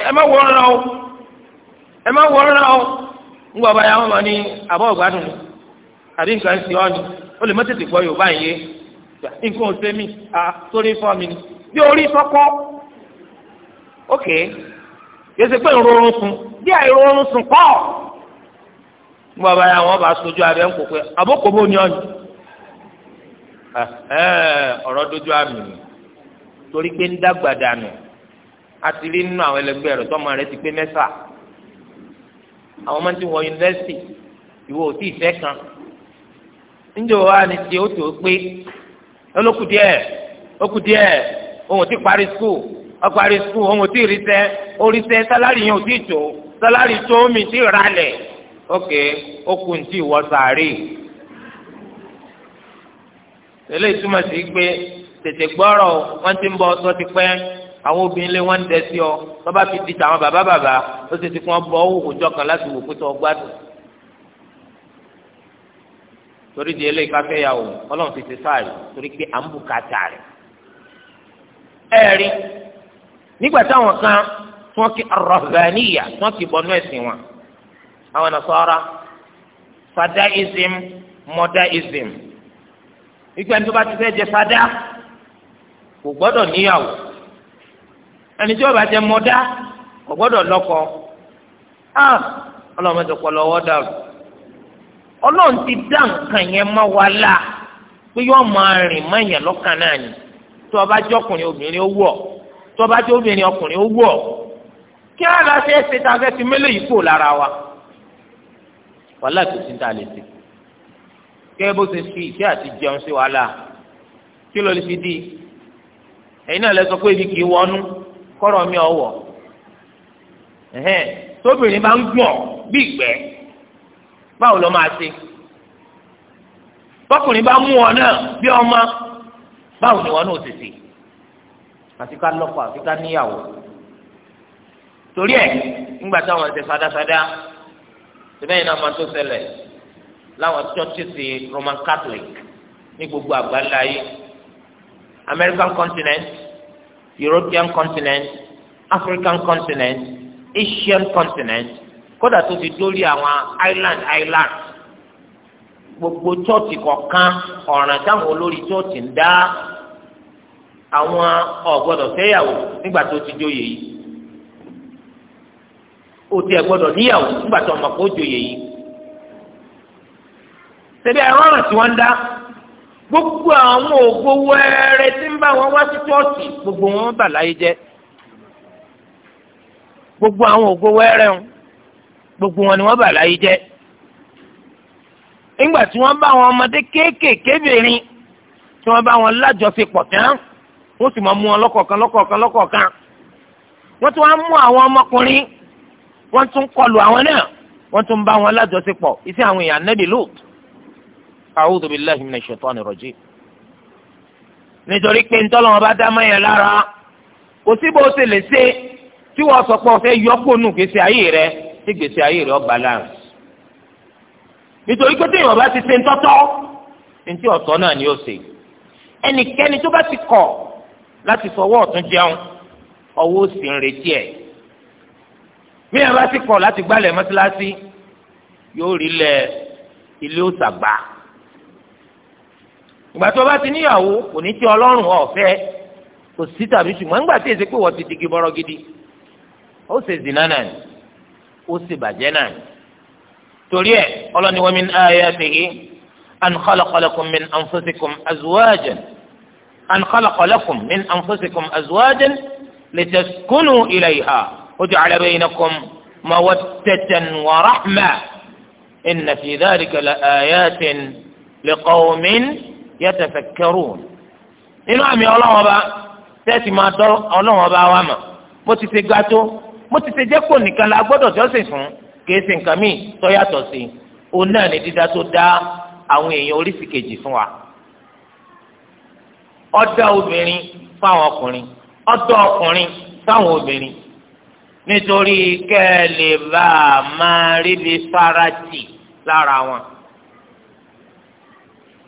ẹ̀ má wọ́n rán o ẹ má wọ ọ́nà o ńgbà bá yà wọ́n mọ̀ ní àbọ̀ ọ̀gbádùn ni àbí nǹkan ṣe ọ́ ni ó lè má tètè gbọ́ Yorùbá yìí nǹkan ò sẹ́mi à sórí fọ́ mi ni bí orí sọkọ ókè yẹsẹ pé ìrorun sùn bí àìrorun sùn kọ́ ní bàbá yà wọ́n bá sojú abẹ́ ń pé àbókò bó ni ọ̀yìn ọ̀rọ̀ dojú àmì torí pé ń dàgbà dànù àti rí nínú àwọn ti pé mẹ́fà àwọn máa ti wọ yunifásitì ó tó pé òun ti parí skul ọparí skul òun ti ríṣẹ́ oríṣẹ́ sálárì yẹn ò ti tó sálárì tó mi ti ralẹ̀ ok ó kù ní ti wọ sàárì. tẹ̀lé ìtumọ̀ sí pé tètè gbọ́rọ̀ wọ́n ti ń bọ ọtọ́ ti pẹ́ àwọn obìnrin lé wọ́n ń dẹ sí ọ bàbá fi di tàwọn bàbá bàbá ó sì ti fún ọ bọ òwòjọ kan láti wò pé tó ọ gbádùn torí di eléyìí káfẹ́ yà ti ti sáà torí pé à ń bùkátà rẹ̀ ẹ̀rí nígbà táwọn kan wọn kí arọ̀bàníyà wọn kì bọ́nú ẹ̀sìn wọn àwọn nasara fadaism mọdaism ìgbà tó bá ti fẹ́ jẹ fada kò gbọ́dọ̀ níyàwó ẹni tí wọ́n bá jẹ mọdá kò gbọ́dọ̀ lọ́kọ ah ọlọ́mọdé kọ́ lọ́wọ́ dàrú ọlọ́run ti dá nǹkan yẹn mọ́ wa la pé máa rìn mọ́ ẹ̀yàn lọ́kàn náà ni. tó o bá jẹ́ ọkùnrin obìnrin ó wọ̀ tó o bá jẹ́ obìnrin ọkùnrin ó wọ̀ kí á la ṣe é ṣe tá a fẹ́ fi mélòó yìí kúrò lára wa wàhálà tó ti ń ta lè ṣe kẹ́ bó ṣe fi ìṣe àti jẹun sí wàhálà kí ló lè fi di ẹ̀yin náà lẹ sọ pé ibi kì wọnú kọ́rọ̀ mi ọ̀wọ̀ tóbìnrin bá ń gbọ̀n bí ìgbẹ́ báwo ló máa ṣe tọkùnrin bá mú ọ náà bí ọmọ báwo ni wọn náà ti sè àti ká lọ́kọ àti ká níyàwó torí ẹ̀ ńgbà táwọn ẹsẹ fadafada sẹbẹyìn náà máa tó ṣẹlẹ̀ láwọn churches Roman Catholic ní gbogbo àgbáńlá yìí American continent European continent African continent Asian continent kódà tó ti dórí àwọn island island gbogbo chọ́ọ̀tì kọ̀ọ̀kan ọ̀ràn táwọn olórí chọ́ọ̀tì ń dá àwọn ọ̀gbọ́dọ̀ fẹ́yàwó nígbà tó ti jóye yìí o tiẹ̀ gbọ́dọ̀ níyàwó nígbà tó ọmọ kó jóye yìí ṣebí ẹ̀rọ ọ̀ràn tí wọ́n ń dá gbogbo àwọn ògbó wẹ́ẹ́rẹ́ tí ń bá wọn wá sí chọ́ọ̀tì gbogbo wọn bà láyé jẹ́ gbogbo àwọn ògbó wẹ́ẹ́rẹ́ wọn gbogbo wọn ni wọ́n bà láyé jẹ́ nígbà tí wọ́n bá àwọn ọmọdé kéékèèké bìnrin tí wọ́n bá wọn lájọṣepọ̀ tán wọ́n sì máa mú wọn lọ́kọ̀ọ̀kan lọ́kọ̀ọ̀kan lọ́kọ̀ọ̀kan wọ́n tún wá mú àwọn ọmọkùnrin wọ́n tún kọlù àwọn náà wọ́n tún bá wọn lájọṣepọ̀ iṣẹ́ àwọn èèyàn nẹ́bí lóòt a'udhu billahi minash shaitani rajim nítorí pé ntọ́lọ́wọ́n bá dá mọ́yẹn lára kò sí bó ṣe lè ṣe tí wọ́n sọ pé ọ̀fẹ́ yọkùnù gbèsè ayé rẹ tí nítorí pé téèyàn bá ti ṣe ń tọ́tọ́ ntí ọ̀tọ̀ náà ni ó ṣe ẹnikẹ́ni tó bá ti kọ̀ láti fọwọ́ ọ̀tún jẹun ọwọ́ òsì ń retí ẹ̀ bí ẹ bá ti kọ̀ láti gbálẹ̀ mọ́sálásí yóò rí lẹ ilé òsàgbà ìgbà tó bá ti níyàwó kò ní tí ọlọ́run ọ̀fẹ́ kò sí tàbí ṣùgbọ́n nígbà tí èsì pé wọ́n ti digi bọ́rọ́ gidi ó ṣe zìnnà náà ó ṣe bàjẹ́ náà torí ẹ̀ ọlọ́ni wa min ayatihi an khalaqa lakum min anfusikum azwajan an khalaqa lakum min anfusikum azwajan litaskunu ilayha wa ja'ala baynakum mawaddatan wa rahma inna fi dhalika la ayatin liqawmin yatafakkarun nínú àmì ọlọ́wọ́n bá tẹ́sí máa dọ́ ọlọ́wọ́n bá wà mo ti ṣe gbàtó mo ti ṣe jẹ́ kó nìkan la gbọ́dọ̀ jọ́sìn fún un kìí ṣe nǹkan míì tó yàtọ̀ sí i òun náà ni dídá tó dá àwọn èèyàn oríṣi kejì fún wa ọdọ obìnrin fáwọn ọkùnrin ọdọ ọkùnrin fáwọn obìnrin nítorí kẹ́ ẹ lè bá a máa ríbi farati lára wọn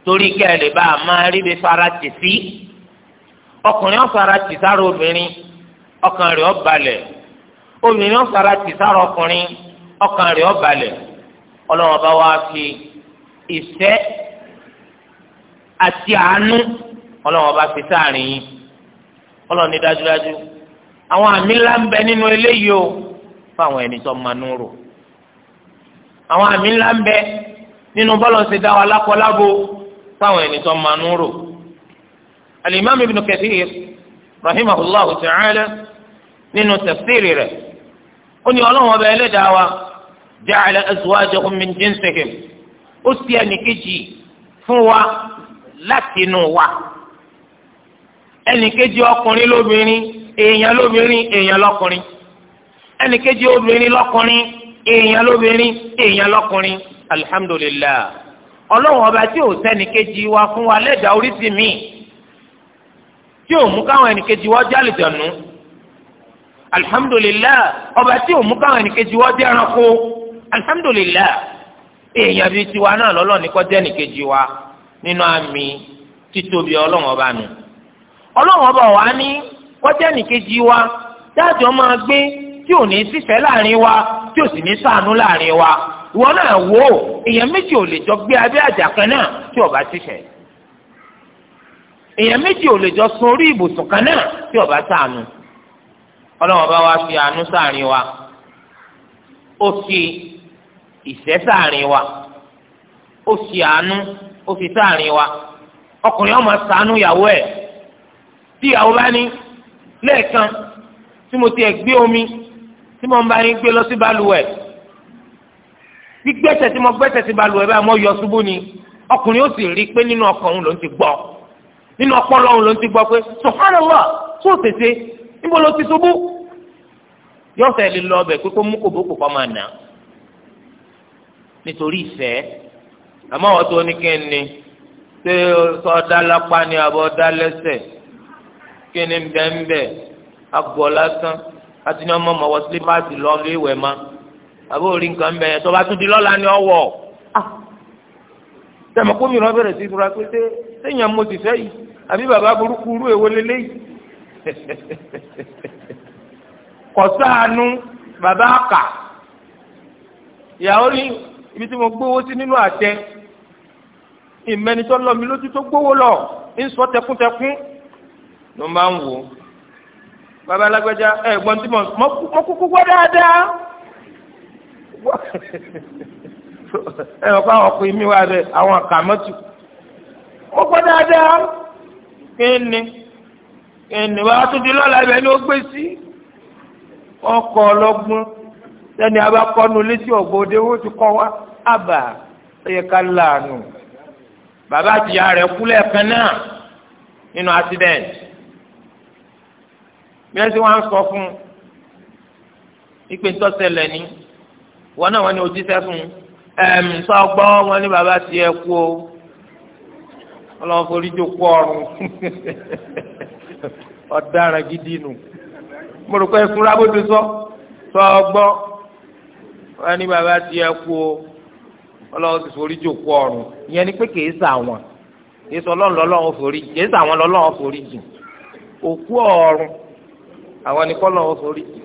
torí kẹ́ ẹ lè bá a máa ríbi farati sí ọkùnrin ó sára obìnrin ọkàn rẹ̀ ó obìnrin ó sára ọkùnrin. ọkàn rẹ̀ ọ̀balẹ̀ ọlọ́wọ́n bá wá fi ìfẹ́ àti àánú ọlọ́wọ́n bá fi sáàrin yín ọlọ́wọ́n ní dájúdájú àwọn àmì ńlá ń bẹ nínú eléyìí o fáwọn ẹni tó máa nú rò àwọn àmì ńlá ń bẹ nínú bọ́lọ̀ ṣe dá wa lákọlábo fáwọn ẹni tó máa nú rò alimami ibn kathir nínú ó ní ẹlẹ́dàá wa. ja'ala azwajahum min jinsihim ó sì ẹnìkejì fún wa láti inú wa ẹnìkejì ọkùnrin lóbìnrin èèyàn lóbìnrin èèyàn lọ́kùnrin ẹnìkejì obìnrin lọ́kùnrin èèyàn lóbìnrin èèyàn lọ́kùnrin alihamudulilayi ọlọ́run ọba tí ò sẹ́nìkejì wa fún wa lẹ́dàá oríṣi mi tí ò mú káwọn ẹnìkejì wọ́n jẹ́ àlùjọ̀nù alihamudulilayi ọba tí ò mú káwọn ẹnìkejì wọ́n jẹ́ ẹranko alihamudulilayi èèyàn bíi tiwa náà lọ́lọ́ ní kọjá nìkejì wa nínú àmì títóbi ọlọ́run ọba nù ọlọ́run ọba wa ní kọjá nìkejì wa dájọ́ máa gbé tí ò ní sífẹ́ láàrin wa tí ò sì ní ṣàánú láàrin wa ìwọ náà wò ó èèyàn méjì ò lè jọ gbé abẹ́ àjà náà tí ò bá sífẹ́ èèyàn méjì ò lè jọ sun orí ibùsùn kan náà tí ò bá ṣàánú ọlọ́run ọba wa fi àánú sáàrin wa ó fi ìfẹ́ sáàrin wa ó fi àánú ó fi sáàrin wa ọkùnrin ọmọ ṣàánú ìyàwó ẹ̀ tí ìyàwó bá ní lẹ́ẹ̀kan tí mo ti ẹ̀ gbé omi tí mo ń bá yín gbé lọ sí balùwẹ̀ gbígbẹ́sẹ̀ tí mo gbẹ́sẹ̀ sí balùwẹ̀ báyìí mo yọ ṣubú ni ọkùnrin ó sì rí i pé nínú ọkàn òun ló ń ti gbọ́ nínú ọpọlọ òun ló ń ti gbọ́ pé sọ̀hánàlá tó tètè níbo ló ti ṣubú yọ̀ọ̀sẹ̀ lè lọ ọbẹ̀ pé kó mú kòbókò kọ́ máa nà á nítorí ìfẹ́ àmọ́ àwọn tó ní kíni ṣé ọ̀dà lápá ni àbọ̀ ọ̀dà lẹ́sẹ̀ kíni bẹ́ẹ̀nbẹ́ agbọ̀ lásán àti ní ọmọ ọmọ wọ sílípàsì lọ lé ìwẹ̀ ma àbọ̀ orí nǹkan bẹ́ẹ̀ tó bá tún di lọ́la ni ọwọ́ tẹ̀mọ̀ ah! kó mìíràn bẹ̀rẹ̀ sí ìtura pé ṣé sẹ́yìn àmọ́ ti fẹ́ yìí àbí bàbá burúkú rú èwo lélẹ́yìí kọ̀sáànù bàbá kà ìyàwó ni ibi tí mo gbówó sí nínú àtẹ ìmẹ́nitọ́ lọ́mi lójú tó gbówó lọ ń sọ tẹkúntẹkún ló máa ń wò ó bàbá alágbèjà ẹ gbọ́n tí mo kúkú gbọ́ dáadáa ẹ wọ́n fáwọn ọkùnrin mi wá rẹ àwọn àkàmọ́tù mo gbọ́ dáadáa kí ni kí ni wàá tún di lọ́la ibẹ̀ ni ó gbé sí ọkọ̀ ọlọ́gbọ́n sẹ́ni a bá kọ́nu létí ọ̀gbọ́dé wọ́n ti kọ́ wa àbà ẹ̀yẹ ká láàánú. bàbá àtìyá rẹ̀ kú lẹ́ẹ̀kan náà nínú accident. bíyẹn tí wọ́n á sọ fún ipe ń tọ́sẹ̀lẹ̀ ni wọ́n náà wọ́n ní ojíṣẹ́ fún ẹ̀m sọ́gbọ́ wọn ní bàbá tiẹ̀ kú o ọlọ́wọ́ forí jókòó ọ̀run ọ̀daràn gidi nù mo rò pé fúnra bó ti sọ sọ́gbọ́ wọn ní bàbá ti ẹ kú o ọlọ́run ti forí jòkó ọ̀run ìyẹn ni pé kìí sà wọn kìí sọ ọlọ́run lọ́lọ́run forí kìí sà wọn lọ́lọ́run forí jì òkú ọ̀run àwọn ni kọ́lọ́run forí jì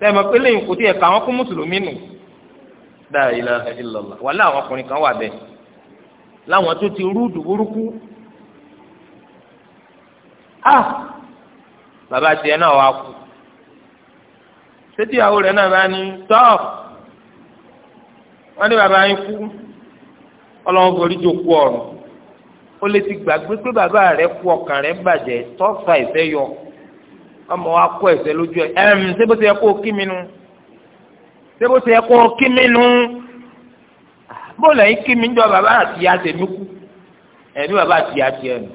tẹ́lẹ̀ pé lẹ́yìn kò tí ẹ̀ kà wọ́n kú mùsùlùmí nù dáa ilà ìlọ̀lá wà láwọn ọkùnrin kan wà bẹ́ẹ̀ láwọn tó ti rúdù burúkú ah bàbá tiẹ̀ náà wà kú sétí ìyàwó rẹ̀ náà bá ní tọ́ wọ́n ní bàbá yín kú ọlọ́run forí jò kú ọ̀run ó lè ti gbàgbé pé bàbá rẹ̀ kú ọkàn rẹ̀ bàjẹ́ tọ́fà ìfẹ́ yọ ọmọ wa kó ẹsẹ̀ lójú ẹ ẹm ṣé bó ti yẹ kó kí mi nu ṣé bó ti yẹ kó kí mi nu bóòlù ẹ̀yìn kí mi ń jọ bàbá àtìyá tèmi kú ẹ̀mí bàbá àtìyá tiẹ̀ nù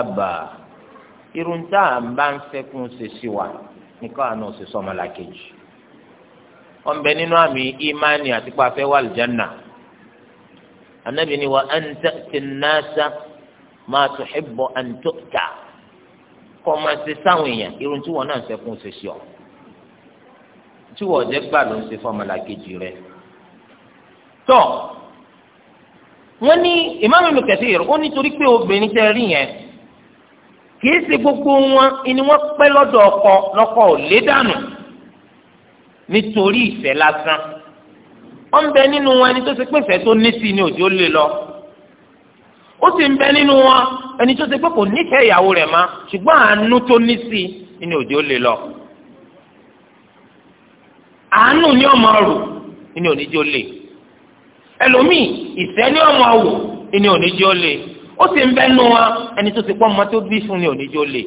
àbà irun tá à ń bá ń fẹ́ kún ṣe sí wa nìkan àna òsè sọmọlá kejì wọn bẹ nínú àmì ìmánì àti pàfẹ wà lìjánà anabi ni wa an ta'ti an-nasa ma tuhibbu an tu'ta kọ máa ṣe sáwọn èèyàn irun tí wọn náà ṣe fún ṣe ṣe ọ tí wọn jẹ gbà ló ń ṣe fọmọlá kejì rẹ tọ wọn ní Imam Ibn Kathir ó nítorí pé obìnrin tẹ rí yẹn. kìí ṣe gbogbo wọn ni wọn pẹ́ lọdọ ọkọ lọkọ ò lé dànù nítorí ìfẹ́ lásán wọ́n bẹ nínú wọn ẹni tó ṣe pé ìfẹ́ tó ní sí ni òjò lè lọ ó sì ń bẹ nínú wọn ẹni tó ṣe pé kò nífẹ̀ẹ́ ìyàwó rẹ̀ má ṣùgbọ́n àánú tó ní sí ni òjò lè lọ àánú ni ọmọ rò ni oníjó lè ẹlòmíì ìfẹ́ ni ọmọ wò ni oníjó lè. ó sì ń bẹ́nu wọn ẹni tó ti pọ́ ọmọ tó bí fún ni òní jó lè.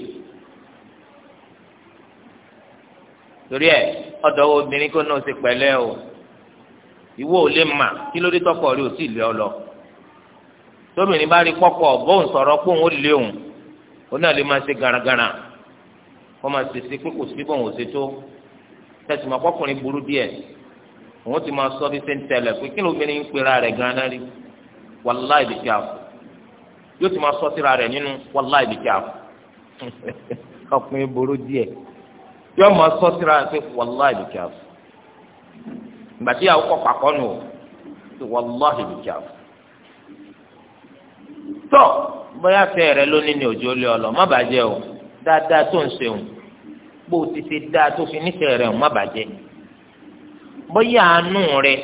torí ẹ ọ̀dọ̀ obìnrin kó náà ṣe pẹ̀lẹ́ o ìwọ ò lè mà kí ló dé tọkọ rí o sì lé ọ lọ tóbìnrin bá rí pọkọ bóun sọ̀rọ̀ pé òun ó lé òun ó náà lè máa ṣe garagara kó máa ṣe ṣe pé kò sí bóun ò ṣe tó tẹsí ma kọkùnrin burú díẹ̀ òun ti máa sọ bí ṣe ń tẹlẹ pé kí lóbìnrin ń pera rẹ̀ ganan rí wàláì lè fi àpò yóò ti máa sọ síra rẹ̀ nínú wàláì bìí jà ọkùnrin boró díẹ̀ yóò máa sọ síra rẹ̀ pé wàláì bìí jà ìgbà tí yàwó kọ pàkọ́ nù ó wàláì bìí jà tọ́ bóyá fẹ́ rẹ lónìí ni òjò lé ọ lọ má bàjẹ́ o dáadáa tó ń ṣeun bó o ti ṣe dáa tó fi nífẹ̀ẹ́ rẹ̀ má bàjẹ́ bóyá àánú rẹ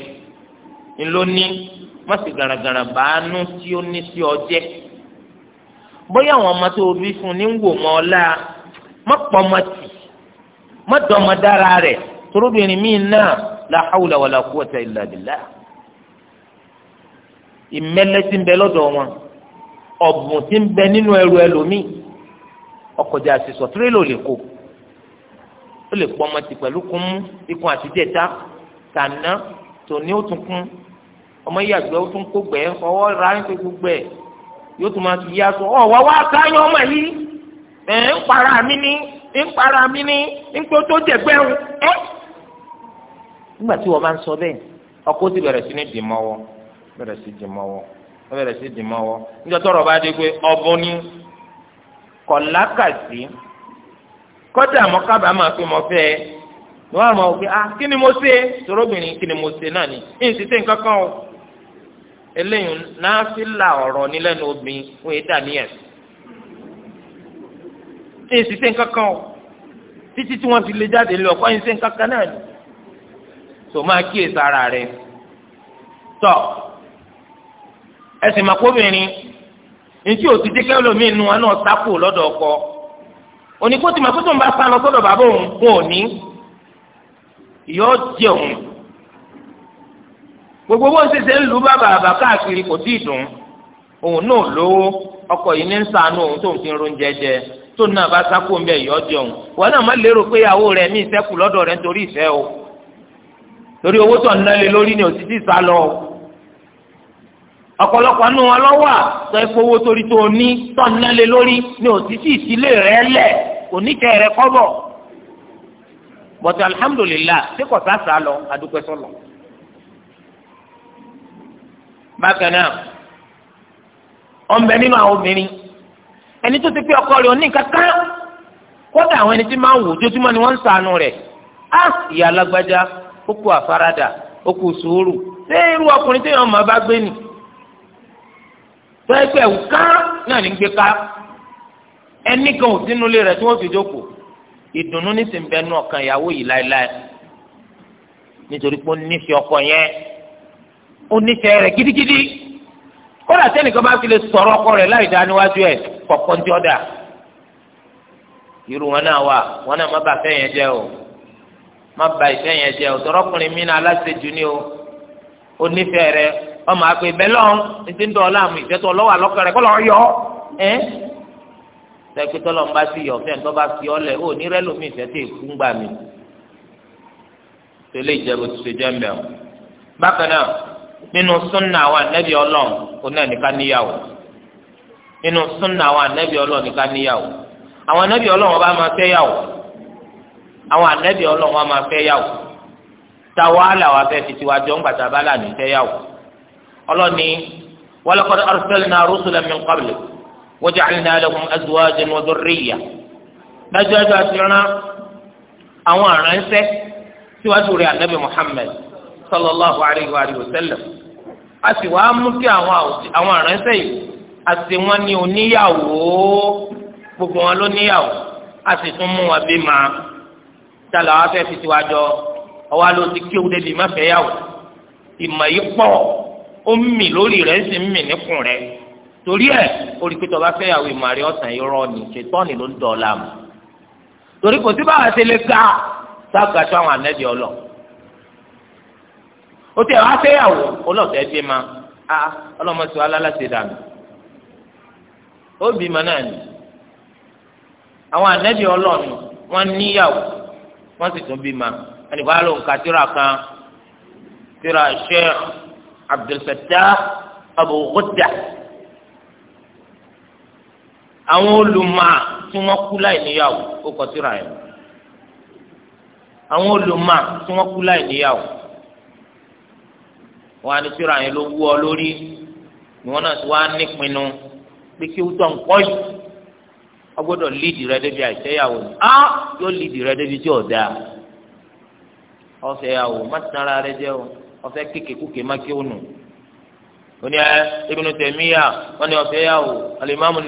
ńlọ ní má sì garagara bá àánú tí ó ní sí ọ jẹ́ bóyá àwọn ọmọ tó bí fún ní wò mọ́ ọ́lá mọ́pọ́mọ́tì mọ́dọ̀mọ́dára rẹ̀ torobìnrin míì náà la hawla wala quwwata illa billah ìmẹ́lẹ́ tí ń bẹ lọ́dọ̀ wọn ọ̀bùn tí ń bẹ nínú ẹrù ẹlòmíì ọkọjà àṣìṣọ tírélò lè kó ó lè pọ ọmọ ti pẹ̀lú kún mú ikùn àti jẹta tàná tòní ó tún kún ọmọ yàgbẹ́ ó tún kó gbẹ́ ọwọ́ ra ń pe gbogbo ẹ̀ yóò tún máa fi yá sọ ọ wá wá sáyọ ọmọ yìí ẹ ń para mi ń para mi ń tó ń ẹ. nígbà tí bá ń sọ ọkọ ti bẹ̀rẹ̀ sí ní dì mọ́wọ́ sí sí tọrọ bá dé pé ọbọ ní kọ̀lákàsí kọ́dà mọ́ kábàámà pé mo ẹ ni wọ́n á ah kí ni mo ṣe obìnrin kí ni mo ṣe náà ni ní eléyìí náfìlà ọ̀rọ̀ nílẹ́nu obìnrin fún èdè àníyàn tí èsì sẹ́yìn kankan o títí tí wọ́n fi lè jáde lé ọ̀pọ̀ ẹ̀yìn sẹ́yìn kankan náà ni tó máa kíyèsí ara rẹ̀ tọ́ ẹ̀sìn màkóbìnrin ntí o ti dékẹ́ lómi nu wọn náà sápò lọ́dọ̀ ọkọ oníkó tí màkótó ń bá sá lọ sọ́dọ̀ bàbá òun kò ní yọ jẹun gbogbo bó ń ṣẹṣẹ ń lu bàbà àbá káàkiri kò tí ì dùn òun náà lówó ọkọ yìí ní ń sànú òun tó ń fi rún jẹjẹ tó náà bá sáko ń bẹ yọ jẹun wọn náà má lérò pé ìyàwó rẹ ní ìṣẹ́kù lọ́dọ̀ rẹ nítorí ìfẹ́ o torí owó tó ń nálé lórí ni òtítì sá lọ ọ̀pọ̀lọpọ̀ nù wọn lọ́wọ́ àtọ ìfowó torí tó ní tó ń nálé lórí ni òtítì ìsílẹ̀ rẹ lẹ̀ oníkẹ́ rẹ kọ́bọ̀ bọ̀tẹ̀ alihamudulilayi ṣé kò sá sá lọ bákan náà ọ̀nbẹ nínú àwọn obìnrin ẹni tó ti pé ọkọ rẹ̀ òní kankan kódà àwọn ẹni tí máa ń wò ojoojúmọ́ ni wọ́n ń sànù rẹ̀ á ìyá alágbájá ó kú àfaradà ó kú sùúrù ṣé irú ọkùnrin tí yàn máa bá gbé nì tó ẹ pé náà ní gbé ká ẹnì kan ò sínú ilé rẹ̀ tí wọ́n fi jókòó ìdùnnú ní sì ọkàn ìyàwó yìí láéláé nítorí pé ó nífẹ̀ẹ́ ọkọ yẹn onífẹ̀ẹ́ rẹ̀ gidigidi kódà sẹ́nìkan bá fi lè sọ̀rọ̀ ọkọ rẹ̀ láì dá níwájú ẹ̀ kọ̀ọ̀kan tí ó dà irú wọn náà wà wọn náà má bà fẹ́ yẹn jẹ́ o má bà ìfẹ́ yẹn jẹ́ o tọrọkùnrin mi náà aláṣejù ni o onífẹ̀ẹ́ rẹ̀ ọmọ àgbẹ̀ bẹ́lọ́n ti ń dọ̀ọ́lá àmì ìfẹ́ tó lọ́wọ́ àlọ́kọ̀ rẹ̀ kọ́ lọ́ọ́ yọ ẹ́ sẹ́kẹ́ tọ́lọ́ ń bá sí yọ fẹ́ẹ́ tó bá fi ọ́ lẹ̀ ó ní lómi ìfẹ́ tó èkú ń gbà mí tẹ́lẹ̀ ìjẹ́bù ti ṣe jẹ́ mbẹ́ o bákan náà nínú súnà wa ànábì ọlọ́run kò náà nìkan níyàwó nínú súnà àwọn ànábì ọlọ́run nìkan níyàwó àwọn ànábì ọlọ́run ọba máa fẹ́ yàwó àwọn ànábì ọlọ́run ọba máa fẹ́ yàwó táwa min afẹ́ fi tiwa jọ ń gbàtà bá lànà ìfẹ́ yàwó ọlọ́ni walaqad arsalna rusulan min qablik wa Muhammad sallallahu alayhi wa sallam. a sì wá mú kí àwọn àránṣẹ́ yìí a sì wọ́n ní oníyàwó gbogbo wọn ló níyàwó a sì tún mú wọn bí ma tala wá fẹ́ fi tiwa jọ ọwọ́ àlọ́ ti kéwú débi má fẹ́ yàwó ìmọ̀ yìí pọ̀ ó ń mì lórí rẹ̀ ń sì ń mì níkùn rẹ̀ torí ẹ̀ olùpẹ̀tọ̀ bá fẹ́ yàwó ìmọ̀ rẹ̀ ọ̀sán yìí rọ̀ ní ṣètọ́ni ló ń dọ̀ ọ́ láàmú torí kò sí báwa ṣe lè ga sáà gàṣọ àwọn ànẹ́bí ọlọ́ọ̀ ó tẹ wá fẹ́yàwó ọlọ́ọ̀tẹ́ bí ma a ọlọ́mọ tí wàá lálẹ́ ti dànù ó bí ma náà ni àwọn ànábì ọlọ́ọ̀nù wọ́n níyàwó wọ́n sì tún bí ma ẹnì kan ló ń ka tíra kan tíra Sheikh Abdulfatah Abu Ghudda àwọn olùmọ̀ tí wọ́n kú láì níyàwó ó kọ tíra yẹn àwọn olùmọ̀ tí wọ́n kú láì níyàwó wọn á ní sùúrù àyẹn ló wú ọ lórí ni wọn náà ti wá nípinnu pé kí wútọ ńkọ yìí wọn gbọ́dọ̀ líìdì rẹ débi àìsẹyàwó ni á yóò líìdì rẹ débi tí ò dáa ọsẹyàwó má ti nara rẹ jẹ o ọfẹ kékèkúkè má kí ó nù wọ́n ní ẹ Ibn Taymiyyah wọ́n ní ọ̀fẹ́ yà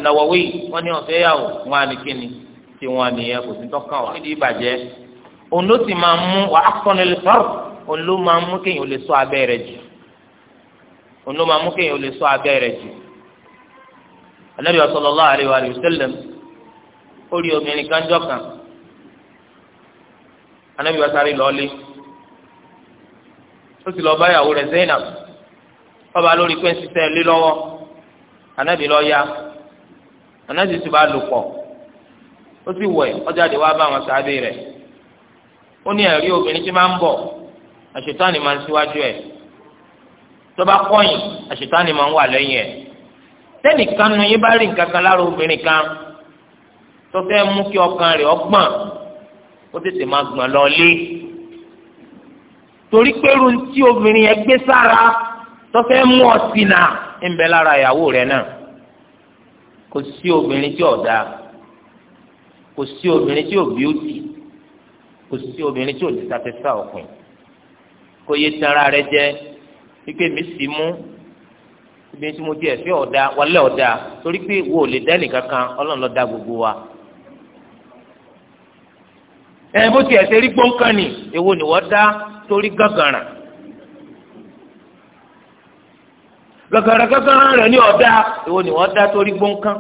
Nawawi wọ́n ní ọ̀fẹ́ yà á ní kíni tí wọ́n ní ẹ kò sí tọ́kàn wá. nídìí ìbàjẹ́ òun ló sì máa mú wà kọ́ni lè sọ̀rọ̀ òun ló máa mú kéèyàn lè sọ abẹ́ rẹ̀ jù òun ló máa mú kéèyàn lè sọ abẹ́ rẹ̀ jù anabi sallallahu alaihi wa sallam ó rí obìnrin kan jọ kan anabi wa sáré lọ́ọ́lé ó sì lọ bá ìyàwó rẹ̀ Zainab ọba lórí pé anabi lọ ya anabi sì bá lò pọ̀ ó sì wẹ̀ ọjàde wá bá wọn sáábì rẹ̀ ó ní ẹ̀rí obìnrin tí máa ń bọ̀ àṣetánì máa ń síwájú ẹ̀ tó bá kọ̀yìn àṣetánì máa ń wà lẹ́yìn ẹ̀ tẹ́nìkan nu yín bá rí nǹkan kan lára obìnrin kan tó fẹ́ mú kí ọkàn rẹ̀ ọgbọ̀n ó tètè máa gbọ̀n lọ lé torí pẹ́rù tí obìnrin yẹn gbé sára tó fẹ́ mú ọtí náà ń bẹ lára ìyàwó rẹ̀ náà kò sí obìnrin tí ò kò sí obìnrin tí ò bíútì kò sí obìnrin tí ò ní sáfẹ́fẹ́ ọkùnrin kò yé tẹ́ra rẹ jẹ́ ike mi sì mú ibi tí mo jẹ ẹ̀fẹ́ ọ̀dà wálẹ̀ ọ̀dà torí pé wo ò lè dá nìkan kan ọlọ́run ló dá gbogbo wa. ẹ bó tiẹ̀ ṣe rí gbọ́ǹkan ni èwo ni wọ́n dá torí gàngàrà. gàngàrà gàngàrà rẹ̀ ní ọ̀dà èwo ni wọ́n dá torí gbọ́ǹkan.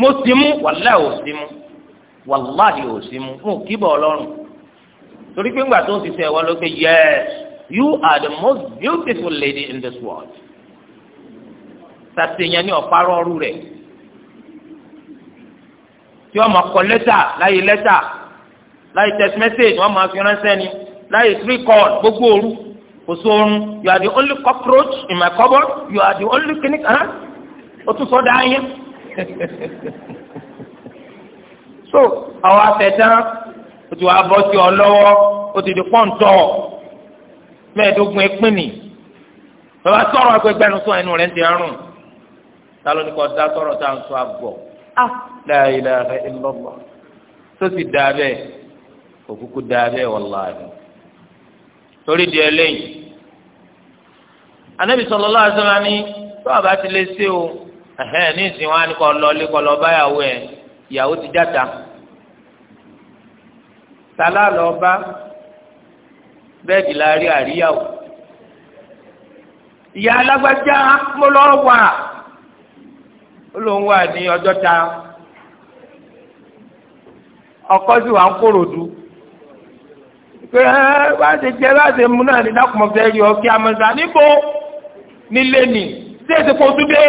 mo sì mú wàláhì ò sí mú wàláhì ò sí mú fún kíbọ̀ ọlọ́run torí pé ńgbà tó ń ṣiṣẹ́ wọn ló pé yes you are the most beautiful lady in this world sàṣeyàn ní ọ̀parọ́ ọ̀rú rẹ̀ tí wọ́n máa kọ lẹ́tà láyé lẹ́tà láyé text message wọ́n máa fi ránṣẹ́ ni láyé three call gbogbo òru kò sóorun you are the only cockroach in my cupboard you are the only clinic hàn ah, ó tún sọ dáa yẹn so àwọn afẹ́tán ó ti wá bọ́ sí ọ lọ́wọ́ ó ti di pọ́ńtọ́ mẹ́ẹ̀ẹ́dógún ẹpínì bàbá sọ̀rọ̀ ẹgbẹgbẹ́ nu sọ ẹnu rẹ̀ ń ti rún ta ló ní kọ́ da sọ̀rọ̀ tá à ń sọ àgbọ̀ á ah. la ilaha illallah tó sì dá bẹ́ẹ̀ òkúkú dá bẹ́ẹ̀ wàláhì torí di ẹlẹ́yìn anabi sallallahu alaihi wasallam ni tó àbá ti lé sí o ní ìsìn wa ni kò lọ lé kò lọ báyàwó ẹ ìyàwó ti játa tálá lọ bá bẹ́ẹ̀dì la rí àríyáwó ìyá alágbájá mo lọ wà ó lóun wà ní ọjọ́ ta ọkọ sì wà ń kòròdú pé ẹ bá ṣe jẹ bá ṣe mú náà ní dákùmọ̀fẹ́ rí ọ kí a mọ̀ sá níbo nílé nì ṣé èsì kò tún dé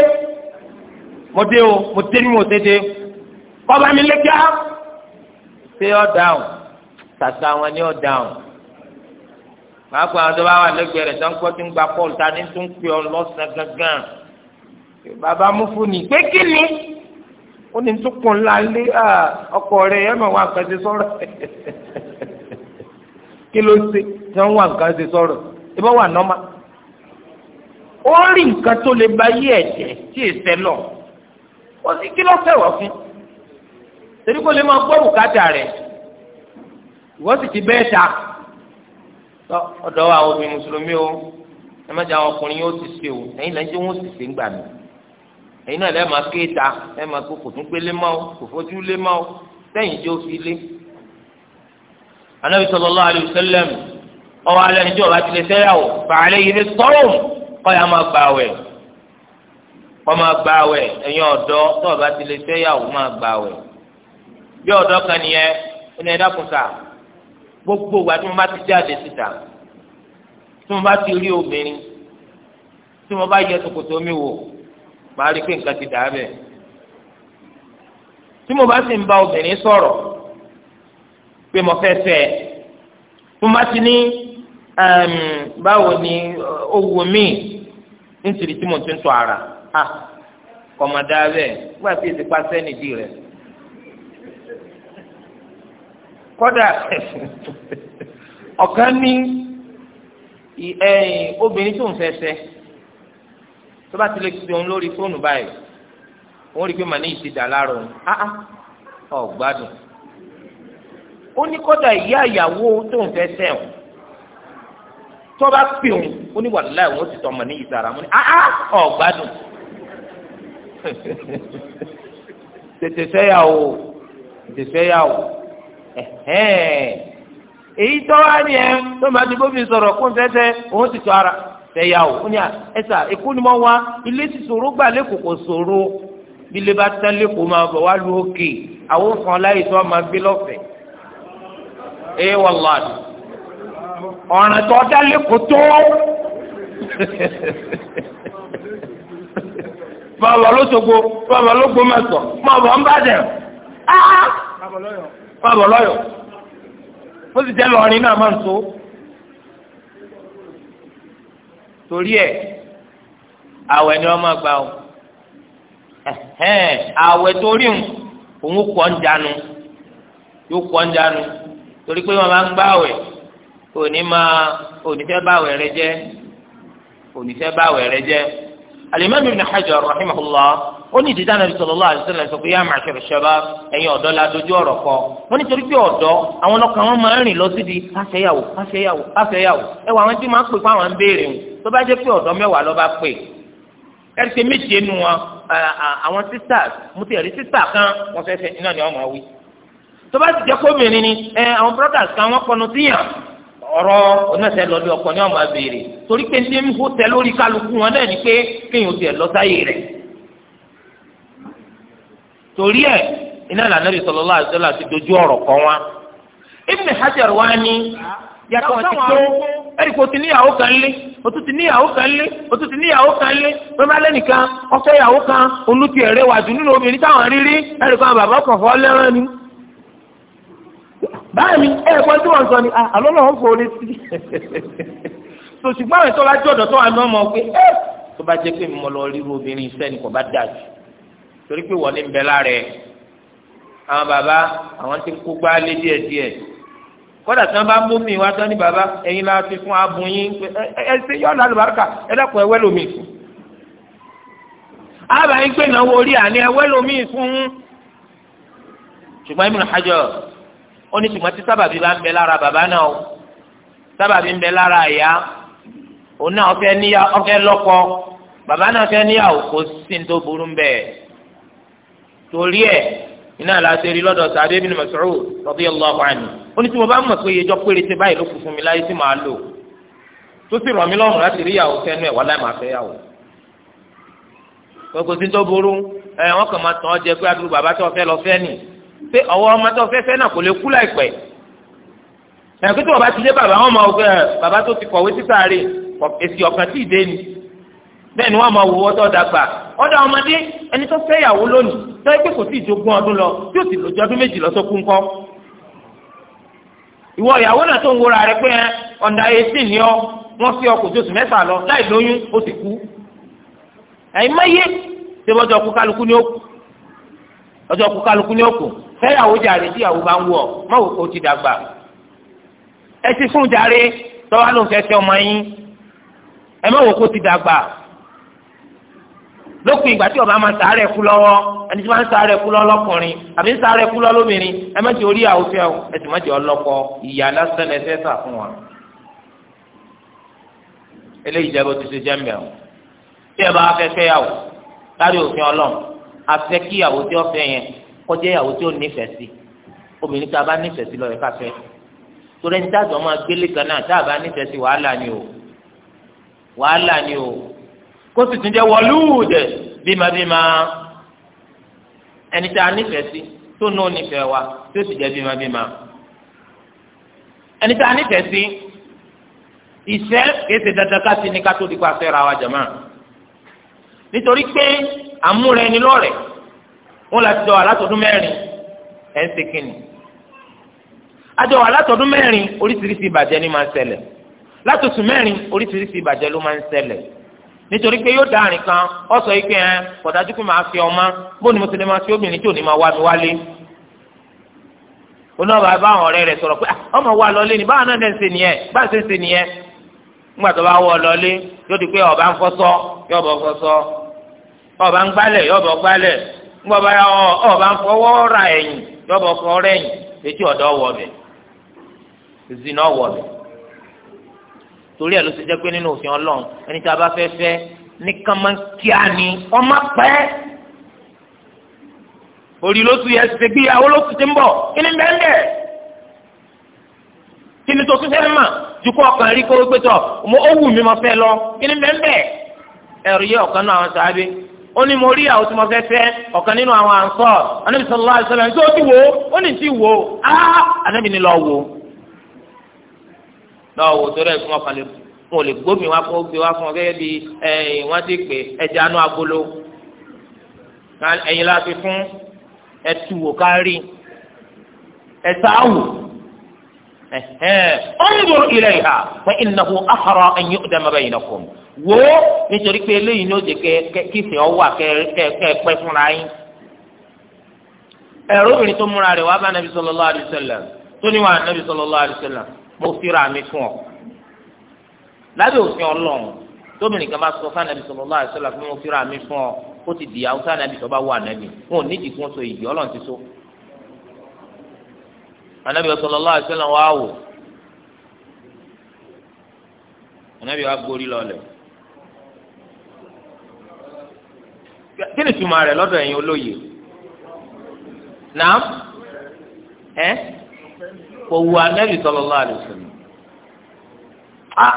mo dé o mo dé ní mo ṣe dé kọ́ bá mi lé kíá ṣé ọ̀ dáhùn tàṣà wọn ni ó dáhùn pàápàá àwọn tó bá wà lẹ́gbẹ̀ẹ́ rẹ̀ tó ń ń gba pọ́ọ̀lù ta tó ń pè ọ lọ́sàn-án gangan bàbá mufuni pé kí ni ó ní tó kún lálé ọkọ rẹ̀ ẹ mọ̀ wá nǹkan ṣe kí ló ṣe tí wọ́n wá nǹkan ṣe sọ̀rọ̀ ẹ bá wà nọ́mà ó rí nǹkan tó lè ba yí ẹ̀jẹ̀ tí èsẹ̀ lọ ó sì kí lọ́sẹ̀ wọ̀ fún torí kó lè máa gbọ́ bùkátà rẹ̀ ìwọ sì ti bẹ́ẹ̀ ta ọ̀dọ́ wa obìnrin mùsùlùmí o ẹ má jẹ́ àwọn ọkùnrin yóò ti ṣe o ẹ̀yin lẹ́yìn tí wọ́n sì ṣe ń gbà mí ẹ̀yin náà lẹ́ẹ̀ máa ké ta ẹ̀ máa kó kò tún pé lé máa o kò fojú lé máa o sẹ́yìn tí ó fi lé. Ànábì sallallahu alaihi wasallam ọwọ́ alẹ́ níjọ́ ọba tilẹ̀ sẹ́yàwó fàálẹ́ yìí ní sọ́rùn kọ́ ya máa gbà wẹ̀ kọ́ máa gbà wẹ̀ ẹ̀yin ọ̀dọ́ tó ọba tilẹ̀ sẹ́yàwó máa gbà wẹ̀ bí ọ̀dọ́ kan nìyẹn ó ẹ̀dá kùsà gbogbo ìgbà tí mo bá ti jáde síta tí mo bá ti rí obìnrin tí mo bá yẹ ṣòkòtò mi wò màá rí pé nǹkan ti dà á bẹ̀. tí mo bá sì ń bá obìnrin sọ̀rọ̀ pé mo fẹ́ fẹ́ ẹ tí mo bá ti ní báwo ni owó mi nítorí tí mo ti ń tọ́ ara kọ̀mọ̀dá bẹ́ẹ̀ nígbà tí èsì pa sẹ́nìdì rẹ̀. kọ́dà ọ̀kan ní obìnrin tó ń fẹsẹ̀ tó bá ti lè ti òun lórí fóònù báyìí wọ́n rí i pé màá ní ìtìdá láàárọ̀ òun áá ah, ah, ọ̀gbádùn ó ní kọ́dà ìyá ìyàwó tó ń fẹsẹ̀ òun tó bá pè òun ó ní wàlúùláì òun ó ti tọmọ ní ìtara mọ́ ní ah, ọ̀gbádùn tètè fẹ́ yà o tètè fẹ́ yà o. èyí tó wá ní ẹ tó máa ti gómìnà sọ̀rọ̀ kó n òun tọ́ ara fẹ́yàwó ó ní ẹ̀sà èkó ni mo wá ilé ti ṣòro gbà lẹ́kọ̀ọ́ kò ṣòro bí ilé bá tán lẹ́kọ̀ọ́ máa bọ̀ wá lu òkè àwọn kan láyé tó máa gbé lọ́fẹ̀ẹ́ ee wàláhi ọ̀ràn tó dá lẹ́kọ̀ọ́ tó bàbá ló bàbá ló mẹ́sàn-án bàbá ń bàjẹ́ wọn bọ̀ lọ́yọ̀ ó sì jẹ́ lọ́rin náà máa ń so torí ẹ̀ àwẹ̀ ni wọ́n máa gbà ó àwẹ̀ torí òun kọ́ ń jánu yóò kọ́ ń jánu torí pé wọ́n máa ń gbà àwẹ̀ òní máa òní fẹ́ rẹ jẹ́ òní fẹ́ rẹ jẹ́ Al-Imam Ibn rahimahullah. ó ní ìdí dáná sallallahu alaihi wasallam sọ pé yá ma'shar shabab ẹ̀yin la dojú kọ wọ́n nítorí pé ọdọ àwọn ọlọ́kàn wọn máa ń rìn lọ sí di afẹ́yàwó afẹ́yàwó ẹ wà wọn tí máa ń pè fún àwọn béèrè wọn tó bá jẹ́ pé ọ̀dọ́ mẹ́wàá lọ́ bá pè méje nu wọn kan iná ni máa wí torí ẹ̀ iná ìlànà Nabi sallallahu alaihi ti dojú kọ wọn. Ibn Hajar wá ni yàtọ̀ ti tó ẹ̀rí kò ti níyàwó kan lé o ti níyàwó kan lé o ti níyàwó kan lé bẹ́ẹ̀ lẹ́nìkan ọ̀fẹ́ yàwó kan olùtí ẹ̀rẹ́ wà dùn nínú obìnrin táwọn rírí ẹ̀rí kan ni. báyìí ẹ̀kọ́ tí wọ́n sọ ni ah, àlọ́ náà ń fòrè sí i sòṣùgbọ́n àwọn tó wà ní ọmọ pé ẹ́ eh! tó bá torí pé wọ́n ní bẹ lára ẹ̀ àwọn bàbá àwọn ti kó gbá lé díẹ̀ díẹ̀ kódà tí wọ́n bá mú mi wá tán ní bàbá ẹ̀yin la fi fún abùn yín ẹ ẹ ṣe yọ̀ọ́ lálùbáríkà ẹ dẹ́kun ẹ wẹ́lò mi fún. àbá yín gbé náà wọlé àní ẹ wẹ́lò mi fún. ṣùgbọ́n Ibn Hajar ó ní ṣùgbọ́n tí sábàbí bá ń bẹ lára bàbá náà o sábàbí ń bẹ lára àyà òun náà ọ̀fẹ́ níyà ọ̀fẹ́ lọ́kọ bàbá náà fẹ́ níyàwó kò sí ní tó burú ń bẹ́ẹ̀ torí ẹ̀ iná aláṣẹ rí lọ́dọ̀ sàdé bínú Mas'ud radiyallahu anhu ó ní tí mo bá mọ̀ pé ìjọ péré ti báyìí ló kù fún mi láyé tí màá lò tó sì rọ̀ mí lọ́rùn láti rí ìyàwó sẹ́nu ẹ̀ wá láì máa fẹ́ yàwó. gbogbo tí tó burú ẹ wọn kàn máa tàn ọ́ jẹ pé adúlù bàbá tó fẹ́ lọ fẹ́ nì pé ọwọ́ ọmọ tó fẹ́ fẹ́ náà kò lè kú láìpẹ́ ẹ̀kú tí bàbá ti dé bàbá wọn máa wọ bàbá tó ti kọ̀wé títà rè èsì ọ̀kan tí ì dé ni bẹ́ẹ̀ ni máa wọ ọtọ́ dàgbà ọ̀dà ọmọdé ẹni tó fẹ́ yàwó lónìí tọ́ ẹgbẹ́ kò sí ìjogún ọdún lọ tí ó sì lòjọ ọdún méjì lọ́sọ́kú ńkọ́ ìwọ ìyàwó náà tó ń wora rẹ pé ẹ ọ̀ndà eighteen ni ọ wọ́n fi ọkọ̀ oṣù mẹ́fà lọ láì lóyún ó sì kú ẹ̀yin mẹ́yẹ ṣé bọ́jọ́ kú kálukú ní òkú ọjọ́ kú kálukú ní òkú fẹ́yàwó jàre tí ìyàwó bá ń wọ̀ mọ́wò kó ti dàgbà ẹ ti fún jàre tọ́wá fẹ́ fẹ́ ọmọ yín ẹ mọ́wò kó ti dàgbà lópin ìgbà tí ọba máa sàárẹ̀ kú lọ́wọ́ ẹni tí máa ń sàárẹ̀ kú lọ́wọ́ lọ́kùnrin àbí ń sàárẹ̀ kú lọ́wọ́ lómìnrin ẹ má ti orí àwọn fẹ́ o ẹ sì má ti ọlọ́kọ ìyá lásán ẹ fẹ́ sà fún wa. eléyìí jẹ́ bó ti ṣe jẹ́ mbẹ́ o tí ẹ bá fẹ́ fẹ́ yàwó lárí òfin ọlọ́run a kí ìyàwó tí ó fẹ́ yẹn kó ìyàwó tí ó nífẹ̀ẹ́ sí obìnrin tí a bá nífẹ̀ẹ́ sí lọ́yẹ̀ káfẹ́ torí ẹni tí àjọ máa gbélé kan tá a bá nífẹ̀ẹ́ sí wàhálà ni o wàhálà ni o kó sì tún jẹ́ wọlúùdẹ̀ bímabíma ẹni tá a nífẹ̀ẹ́ sí tó nù nífẹ̀ẹ́ wa tó sì jẹ́ bímabíma ẹni tá a nífẹ̀ẹ́ sí ìfẹ́ kéde dandan ká sí ní ká tó di pa fẹ́ ra wa jàmá nítorí pé àmúrẹ́ ni lọ́rẹ̀ wọn láti dọ̀ alátọ̀dún mẹ́rin ẹ̀ ń ṣe kínni àjọ wà látọ̀dún mẹ́rin oríṣiríṣi ìbàjẹ́ ni máa ń ṣẹlẹ̀ látọ̀sùn mẹ́rin oríṣiríṣi ìbàjẹ́ ló máa ń ṣẹlẹ̀ nítorí pé yóò dáàrin kan ọ sọ yìí pé ẹ kọ̀dájú pé màá fi ọmọ bóun ni mo ti lè máa fi obìnrin tí ò ní máa ọba bá àwọn ọ̀rẹ́ rẹ̀ sọ̀rọ̀ pé ah, ọmọ wa lọlé ni báwọn náà ń ṣe nìyẹn báwọn ṣe ń ṣe nìyẹn nígbà tó bá wọ lọlé yóò di pé ọba ń fọṣọ yóò bọ ọba ń gbálẹ̀ yóò torí ẹ̀ ló ṣe jẹ́ pé nínú òfin ọlọ́run ẹni tí a bá fẹ́ fẹ́ ní kánmọ́kíá ni ọmọ pẹ́ orí ló tún yẹ ṣe gbéyàwó ló tún ti ń bọ̀ kí ni bẹ́ẹ̀ bẹ́ẹ̀ kí ni tó tún fẹ́ mà ju kó ọkàn rí kówó pétọ̀ mo ó wù mí mo fẹ́ lọ kí ni bẹ́ẹ̀ bẹ́ẹ̀ ẹ̀rù yẹ ọ̀kan náà àwọn sàábé ó ní mo rí àwọn tí mo fẹ́ fẹ́ ọ̀kan nínú àwọn ànsọ́ anábì sallallahu alaihi wasallam tó ti wò ó ó ní ti wò ó á anábì na wò tó rẹ̀ ọkàn lè ọ lè gbómi wá fún ọ gẹ́gẹ́ bí ẹ̀yìn wọ́n ti pè ẹja anú agolo ẹ̀yìn la fi fún ẹtù wò kárí ẹ̀sà awò ọ̀nbùrù ilẹ̀ ìhà ìnáwó ẹ̀yìn yìí nítorí pé eléyìí ní fúnra yín obìnrin tó múra bá tó níwà mo fira mi fún ọ lábẹ́ òfin Ọlọ́run tóbìnrin kan bá sọ fún anabi sallallahu alaihi wasallam fún mo fira mi fún ọ ó ti di awusa anabi tó bá wà anabi wọn ò ní ìdìkún so ìdí Ọlọ́run ti so anabi sallallahu alaihi wasallam wà wò anabi wà gbórí lọlẹ kí ni tuma rẹ lọ́dọ̀ ẹ̀yin olóye nàá ẹ. Eh? kò wu anabi sallallahu ah wasallam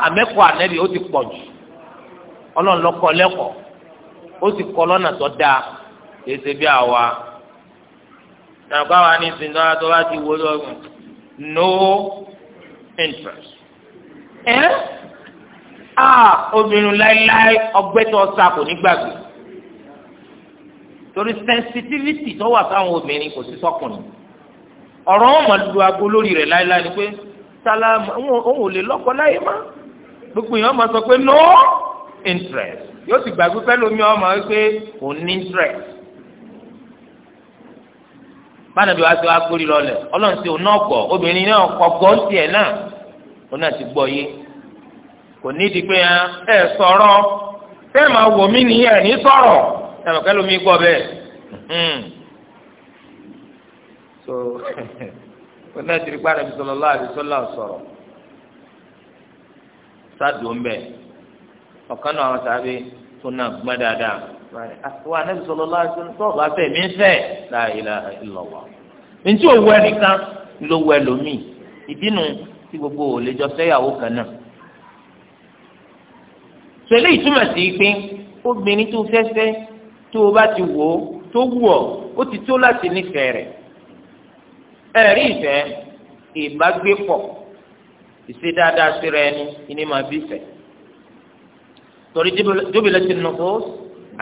àmẹkọ anabi o ti pọ̀ jù o ti kọ lọ́nà tó dáa bi awa bí àwa nàgbà wa ní ìsìn ti wo lọ́gùn no interest. ẹ á obinrin láéláé ọgbẹ́ tó kò ní gbàgbé torí sensitivity tó wà fáwọn obìnrin kò sí ọ̀rọ̀ wọn máa lu aago lórí rẹ̀ láéláé ni pé sálá òun ò lè lọ́kọ láyé má gbogbo èèyàn máa sọ pé no interest yóò sì gbàgbé pẹ́lú mi ọmọ wípé òun ní interest bánàbí wàá sọ agbórí lọlẹ̀ ọlọ́run sí òun náà gbọ́ obìnrin náà kọ gbọ́ tiẹ̀ náà òun náà ti gbọ́ yé kò ní di pé ẹ sọ̀rọ̀ fẹ́ẹ̀ máa mí nìyẹn ní sọ̀rọ̀ gbọ́ bẹ́ẹ̀. Hmm. so wọn náà ti rí pàdé bisalòlá àdìsọlá sọ̀rọ̀ sádùú ń bẹ ọ̀kan náà àwọn sábẹ tó náà gbọ́n dáadáa wọn àná bisalòlá àdìsọlá sọ̀rọ̀ bá fẹ́ mi fẹ́ láàyè ìlọwọ ntí òwú ẹnìkan ló wẹ lómi ìdínú tí gbogbo òlejò fẹ́yàwó kan náà sọlẹ ìtumọ̀ sí pé obìnrin tó fẹ́ fẹ́ tó o bá ti wò ó tó wù ọ́ ó ti tó láti nífẹ̀ẹ́ rẹ̀ ẹ̀rí ìfẹ́ ìbágbépọ̀ ìṣe dáadáa síra ẹni ìní máa bí ìfẹ́ torí jubilatin nufus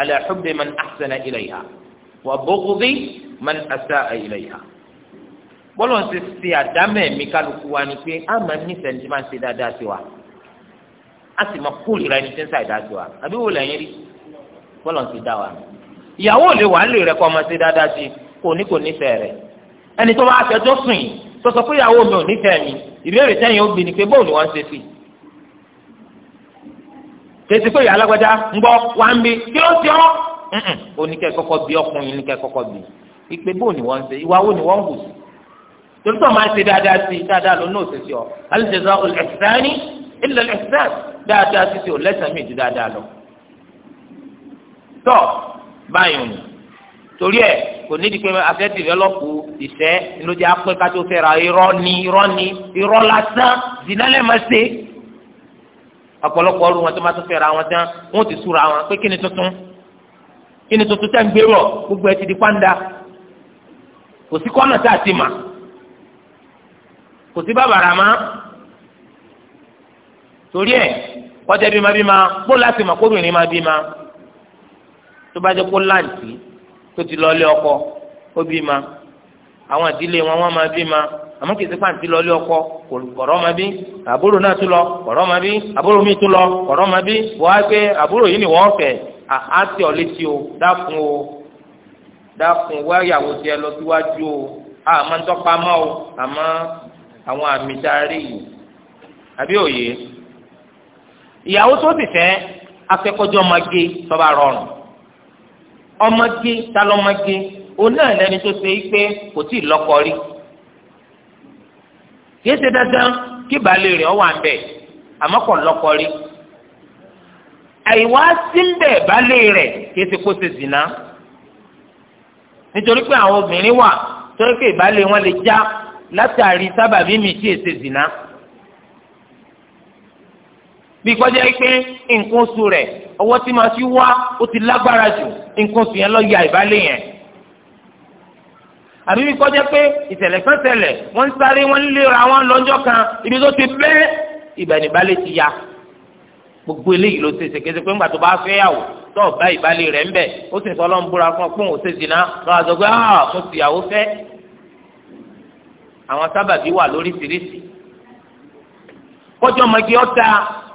ala hubbi man ahsana ilayha wa bughdi man asaa ilayha bọ́lọ̀ ń ṣe ṣe àdámẹ́ mi kálukú wa ni pé a máa nífẹ̀ẹ́ ní ti máa ṣe dáadáa sí wa a sì máa kúrò ìra tí ń ṣe àìdáa sí wa àbí wò lẹ́yìn rí bọ́lọ̀ ń dá wa ìyàwó lè wà á lè rẹ kọ́ ọmọ ṣe dáadáa sí kò ní kò nífẹ̀ẹ́ rẹ̀ ẹni tó bá fẹjọ́ sùn yìí tó sọ pé ìyàwó mi ò nífẹ̀ẹ́ mi ìbéèrè tẹ̀yìn ó gbin ni pé bóun ni wọ́n ṣe sí i kèsì pé ìyá alágbájá ń gbọ́ wá ń bí kí ló ń ṣe ọ́ oníkẹ́ kọ́kọ́ bí ọkùnrin oníkẹ́ kọ́kọ́ bí ìpè bóun ni wọ́n ṣe ìwà wo ni wọ́n hù sí torí tó máa ń ṣe dáadáa sí i dáadáa ló náà ṣe sí ọ alìjẹsà olùẹsẹ̀ni ilẹ̀ ẹ̀sẹ̀ dáadáa sí ti ò lẹ́sẹ̀ mi ju dáadáa lọ. tọ́ báyìí ni torí ẹ̀ kò ní ìdíkpé afẹ́ dìvẹ́lọ́pù ìfẹ́ lójú apẹ́ kátó fẹ́ra irọ́ ni irọ́ ni irọ́ lásán zinalẹ̀ máa ṣe ọ̀pọ̀lọpọ̀ ọrùn wọn tó máa tó fẹ́ra wọn tán wọn ti súra wọn pé kí ni tuntun kí ni tuntun tẹ́ ń gbé rọ̀ gbogbo ẹ ti di pàǹdà kò sí kọ́nà tá a ti mà kò sí bàbàrà má torí ẹ kọjá bímá bímá kó láti mà kó bìnrin má bímá tó bá jẹ kó láǹtì tó ti lọlé ọkọ ó bí ma àwọn àdílé wọn wọn máa bí ma àmọ́ kìí sípà ti lọlé ọkọ kọrọ ma bí àbúrò náà tún lọ kọrọ ma bí àbúrò mi tún lọ kọrọ ma bí wọ́n á pé àbúrò yìí ni wọ́n fẹ́ á tẹ ọ létí o dákun o dákun wáyàwó tiẹ̀ lọ síwájú o àmọ́ ń tọpa mọ o àmọ́ àwọn àmì dárí yìí àbí òye ìyàwó tó ti fẹ́ akẹ́kọ̀ọ́jọ́ máa gé tọba rọrùn ọmọge talọmọge òun náà lẹni tó ṣe pé kò tí ì lọ́kọ rí kìí ṣe dandan kí baálé rẹ̀ ọ wà ń bẹ àmọ́ kò lọ́kọ rí àìwá síbẹ̀ baálé rẹ̀ kìí ṣe kó ṣe zìnà nítorí pé àwọn obìnrin wà tó ń pè baálé wọn lè já látàrí sábàbí mi tí èsè zìnà bí kọjá pé nǹkan oṣù rẹ̀ ọwọ́ tí màá fi wá ó ti lágbára jù nǹkan oṣù yẹn lọ ya ìbálẹ̀ yẹn àbí bí kọjá pé ìṣẹ̀lẹ̀ kan ṣẹlẹ̀ sáré wọ́n ń wọn lọ́jọ́ kan ibi tó ti bẹ́ ìbẹ̀ níbalẹ̀ ti ya gbogbo eléyìí ló ṣe ṣe kéde pé ńgbà tó bá fẹ́ yàwó tó bá ìbálẹ̀ rẹ̀ ń bẹ̀ ó sì sọ lọ́n búra fún ọ pé òun ṣe zina lọ́wọ́ àti ọgbẹ́ ah mo sì yàwó fẹ́ àwọn sábàbí wà lóríṣiríṣi kọjọ́ mọ́gi ọ́ta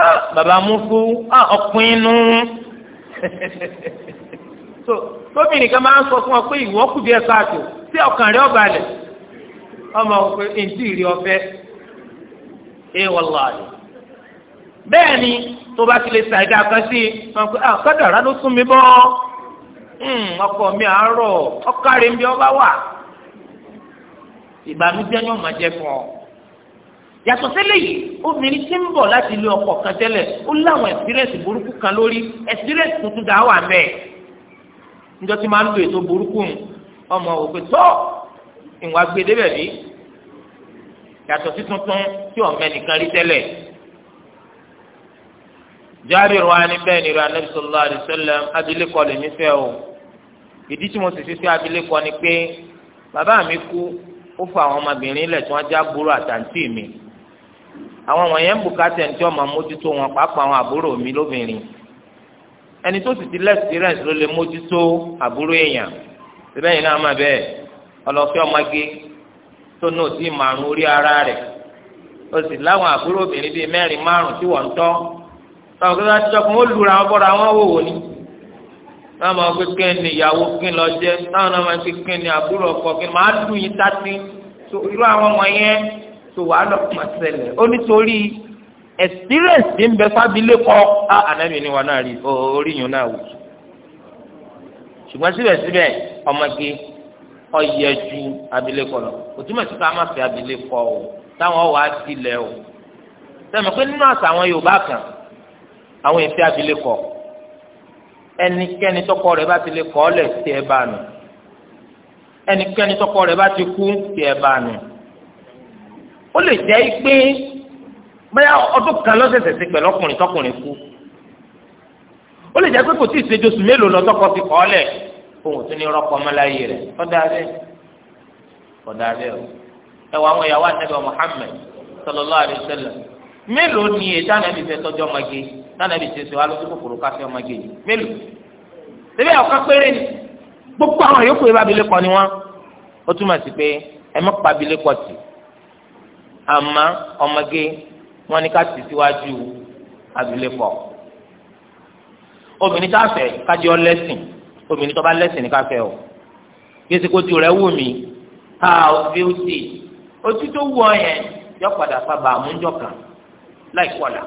ah bàbá mufu ah so tóbìnrin kan máa ń sọ fún ọ pé ìwọ kù díẹ̀ káàtó tí ọkàn rẹ ọba lẹ ọmọ wọn ọfẹ ẹ bẹ́ẹ̀ ni tó bá ti lè ṣàìdá kan sí i wọn ah, ló sún mi hmm, ọkọ mi àárọ̀ ọkàrin bí ọba wà ni yàtọ̀ sílẹ̀ yìí obìnrin tí ń bọ̀ láti ilé ọkọ kan tẹ́lẹ̀ ó láwọn ẹ̀sírẹ́sì burúkú kan lórí ẹ̀sírẹ́sì tuntun dà wà mẹ́ẹ̀ níjọ́ tí máa ń lo ètò burúkú yìí ọmọ òkè tó ìwà gbèdébẹ̀ rí yàtọ̀ sí tuntun tí ọ̀mọ ẹnìkan rí tẹ́lẹ̀ Jábìrì wa ni bẹ́ẹ̀ ni ra Ànábì sallallahu alaihi wasallam abilékọ lè nífẹ̀ẹ́ o ìdí tí mo sì fi fẹ́ abilékọ ni pé bàbá mi kú ó fa àwọn ọmọbìnrin lẹ̀ tí wọ́n já burú àtàntì mi àwọn wọ̀nyẹn ń bùkátà ẹni tí wọ́n máa mójútó wọn pàápàá àwọn àbúrò mi lóbìnrin ẹni tó sì ti lẹ́sìtírẹ́ǹsì ló lè mójútó àbúrò èèyàn síbẹ̀ yìí náà má bẹ́ẹ̀ ọlọ́fẹ́ ọmọge tó náà sì màrún orí ara rẹ̀ o sì láwọn àbúrò obìnrin bíi mẹ́rin márùn tí wọ́n ń tọ́ táwọn kí wọ́n ti jọ kó wọ́n lura wọn bọ́ra wọn wò wò ni náà máa pé kí ni ìyàwó kí lọ jẹ táwọn náà máa pé kí ni àbúrò ọkọ kí máa tó wàhálà kùmà ṣẹlẹ̀ ó nítorí experience ti ń bẹ fábílẹ̀ kọ́ á ànábì ni wọn náà rí orí yìí náà wò ṣùgbọ́n síbẹ̀síbẹ̀ ọmọge ọyẹ ju abilékọ lọ òtúmọ̀ sí ká má fẹ́ abilékọ o táwọn wà á tilẹ̀ o sẹ́mi pé nínú àṣà àwọn Yorùbá kan àwọn èsì abilékọ ẹnikẹ́ni tọkọ rẹ̀ bá ti lè kọ́ ọ́ lẹ̀ tí ẹ bá nù ẹnikẹ́ni tọkọ rẹ̀ bá ti kú tí ẹ bá nù ó lè jẹ́ pé bóyá ọdún kan lọ́sẹ̀sẹ̀ ti pẹ̀lú ọkùnrin tọkùnrin kú ó lè jẹ́ pé kò tí ì ṣèjọsùn mélòó lọ tọkọ ti kọ́ lẹ̀ òun ní rọ́pò ọmọláyé rẹ̀ kọ́dà bẹ́ẹ̀ kọ́dà bẹ́ẹ̀ o ẹ àwọn ìyàwó àtẹ́bí Muhammad sallallahu alaihi wasallam mélòó ni ètò ànábì fẹ́ tọ́jú ọmọge lánàbì ṣe ṣe wá lójú kòkòrò káfí ọmọge yìí mélòó ṣẹbi àwọn kápẹ́rẹ́ ni gbogbo àwọn yòókù ìbábilẹ̀kọ ni wọ́n ó túmọ̀ sí pé ẹ mọ́ pàbílẹ̀kọ tì í Ama, ọmọge wọn ni ká tì síwájú abilékọ obìnrin tá a fẹ́ kájọ lẹ́sìn obìnrin tó bá lẹ́sìn ní ká o yéésì rẹ wù mí ha òbí ó ti ojú tó wù ọ yẹn yọ padà fàbà àmújọ kan láì kọlà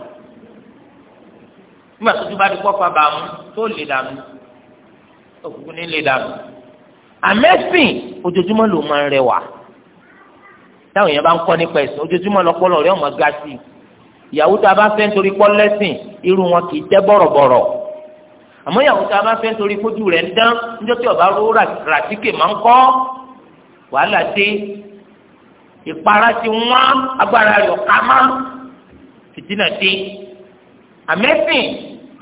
nígbà tó tún bá ti kọ́ fàbà àmú tó lè dànù òkùnkùn ní lè dànù àmẹ́sìn ojoojúmọ́ ló máa ń rẹwà táwọn èèyàn bá ń kọ́ nípa ẹ̀sìn ojoojúmọ́ lọ́pọlọ rẹ̀ ọmọ ga sí i ìyàwó tá a bá fẹ́ nítorí pọ́ lẹ́sìn irú wọn kì í tẹ́ bọ̀rọ̀bọ̀rọ̀ àmọ́ ìyàwó tá a bá fẹ́ nítorí fojú rẹ̀ ń dán níjọ́ tí ọba ró ràtíkè máa ń kọ́ wàhálà dé ìpara ti wọ́n agbára rẹ̀ ọ̀ká má fìtínà dé amẹ́sìn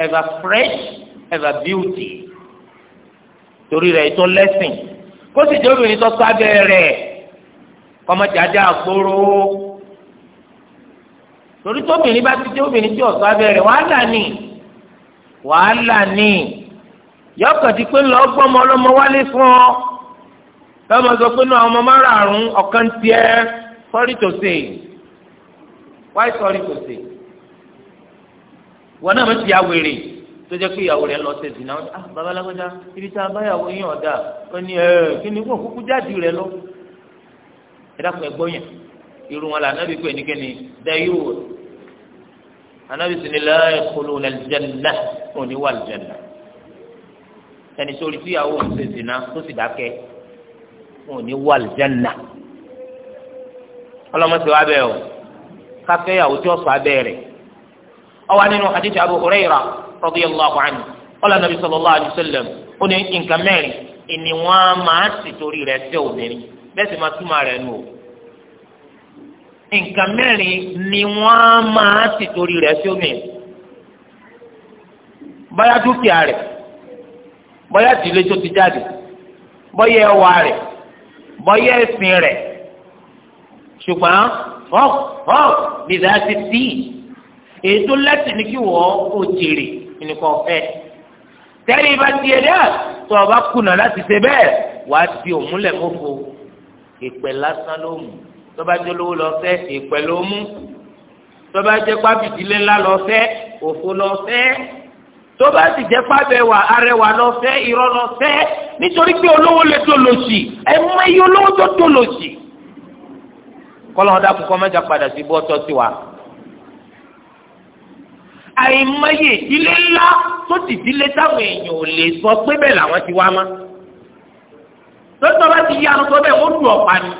ever fresh ever beauty torí rẹ̀ ìtọ́ lẹ́sìn kó sì jẹ́ obìnrin tó sábẹ́ rẹ̀ kọ́mọ́jáde àgbóró torí tóbìnrin bá ti dé obìnrin tí ọ̀sọ́ abẹ́rẹ́ wàhálà ni wàhálà ni yọkàn ti pé lọ gbọ́mọ ọlọ́mọ wálé fún ọ lọ́mọ sọ pé náà ọmọ márààrún ọ̀kan tiẹ̀ sọ́rí tòsè wáyé sọ́rí tòsè wọn náà ti ya tó jẹ́ pé ìyàwó rẹ̀ lọ sí ìdìnnà ah babalágbádá ibi tá a bá yàwó yín ọ̀dà ó ní ẹ kí ni kó kúkú jáde rẹ̀ lọ ẹdáàkùn ẹgbọ́ yẹn irú wọn là anábì pé nìkan ni dayúwò anábì sì ni láàyè kolo nàìjẹ́nà òní wà lìjẹ́nà ẹni sórí tíyàwó ń ṣe zina tó sì dákẹ́ òní wà lìjẹ́nà ọlọ́mọsí wa bẹ́ẹ̀ o káfíńyàwó tí wọ́n sọ abẹ́ rẹ̀ ọwọ́ nínú hadith abu huraira radiyallahu anhu ọlọ́ nàbì sallallahu alayhi wa sallam ní nǹkan mẹ́rin ìní máa ń sì torí rẹ̀ sí obìnrin lẹ́sì máa túmọ̀ rẹ̀ nù o nǹkan mẹ́rin ni wọ́n máa ti torí rẹ̀ sómi bóyá dúkìá rẹ̀ bóyá ìdílé tó ti jáde bóyá ẹwà rẹ̀ bóyá ẹ̀sìn rẹ̀ ṣùgbọ́n hàn hàn bìdá ti bí ètò lẹ́sìn ní kí wọ́n ó jèrè nìkan fẹ́ tẹ́lẹ̀ bá tiẹ̀ dẹ́ tó o bá kùnà láti ṣe bẹ́ẹ̀ wàá di òmùlẹ̀ mọ́fọ́ ìpè lásán ló mú tọ́ba jẹ́ olówó lọ fẹ́ ìpè ló mú tọ́ba jẹ́ pábìdílé ńlá lọ fẹ́ òfò lọ fẹ́ tọ́ba sì jẹ́ pábẹ́wà arẹwà lọ fẹ́ irọ́ lọ fẹ́ nítorí pé olówó lè tó lò sí ẹ mọ iye olówó tó tó lò sí. kọ́lọ́n dàkú kọ́ mẹ́ta padà sí bọ́ tọ́ sí wa. àìmọye ìdílé ńlá tó ti dílé táwọn èèyàn ò lè sọ pé bẹ́ẹ̀ làwọn ti wá mọ́ lọ́sọ̀ bá ti yí àrùn tó bẹ́ẹ̀ wọ́n lù ọ̀pá ni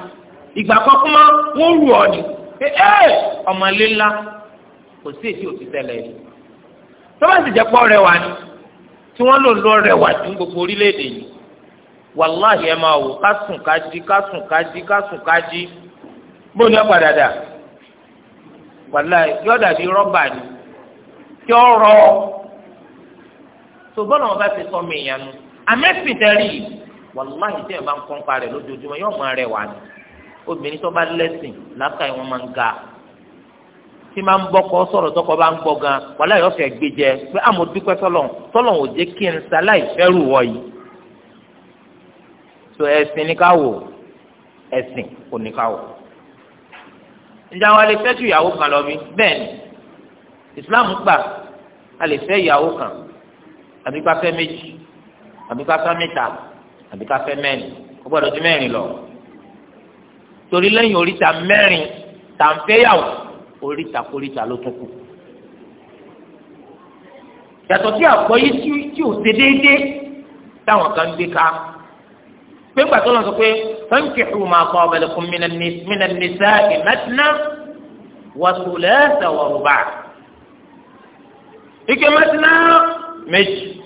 ìgbà kan fún ma wọ́n lù ọ̀ ni ee ọmọ ilé ńlá kò sí èsì òtí tẹ́lẹ̀ yìí tó bá ti jẹ́ pọ́ rẹwà ni tí wọ́n lò lọ rẹwà ju gbogbo orílẹ̀-èdè yìí wàláhì ẹ máa wò ká sùn ká jí ká sùn ká jí ká sùn ká jí bó ni ọ̀pá dàda wàláhì yóò dàbí rọ́bà ni tí ó rọ ṣùgbọ́n àwọn bá ti sọ mí ìyanu àmẹ́sìn tẹ́lẹ̀ yìí wàláhì tí ẹ bá ń kọ́ ń parẹ́ lójoojúmọ́ yóò máa rẹwà ni obìnrin tó bá lẹ́sìn láka ìwọ̀n máa ń ga tí máa ń bọ́kọ sọ̀rọ̀ tọkọ bá ń gbọ́ gan wàláhì ọ̀fẹ́ gbé jẹ pé àmọ́ ah, dúpẹ́ sọ́lọ̀ sọ́lọ̀ ò jẹ́ kí n sáláì fẹ́rù wọ̀ yìí so ẹ̀sìn ní ká wò ẹ̀sìn kò ní ká wò ǹjẹ́ àwọn alẹ́ fẹ́ tu ìyàwó kan lọ bí bẹ́ẹ̀ ni ìsìláàmù gbà alẹ́ fẹ́ ìyàwó kan àbí ká méjì àbí ká fẹ́ àbí ká fẹ́ mẹ́rin ó gbọ́dọ̀ ju mẹ́rin lọ torí lẹ́yìn oríta mẹ́rin tá à ń fẹ́yàwó oríta kóríta ló tún kù yàtọ̀ sí àgbọ́yé tí ò ṣe déédéé táwọn kan gbé ká pé ńgbà tó lọ sọ pé fankihu ma qaba lakum mina nisa'i matna wa thulatha wa ruba' ike matna méjì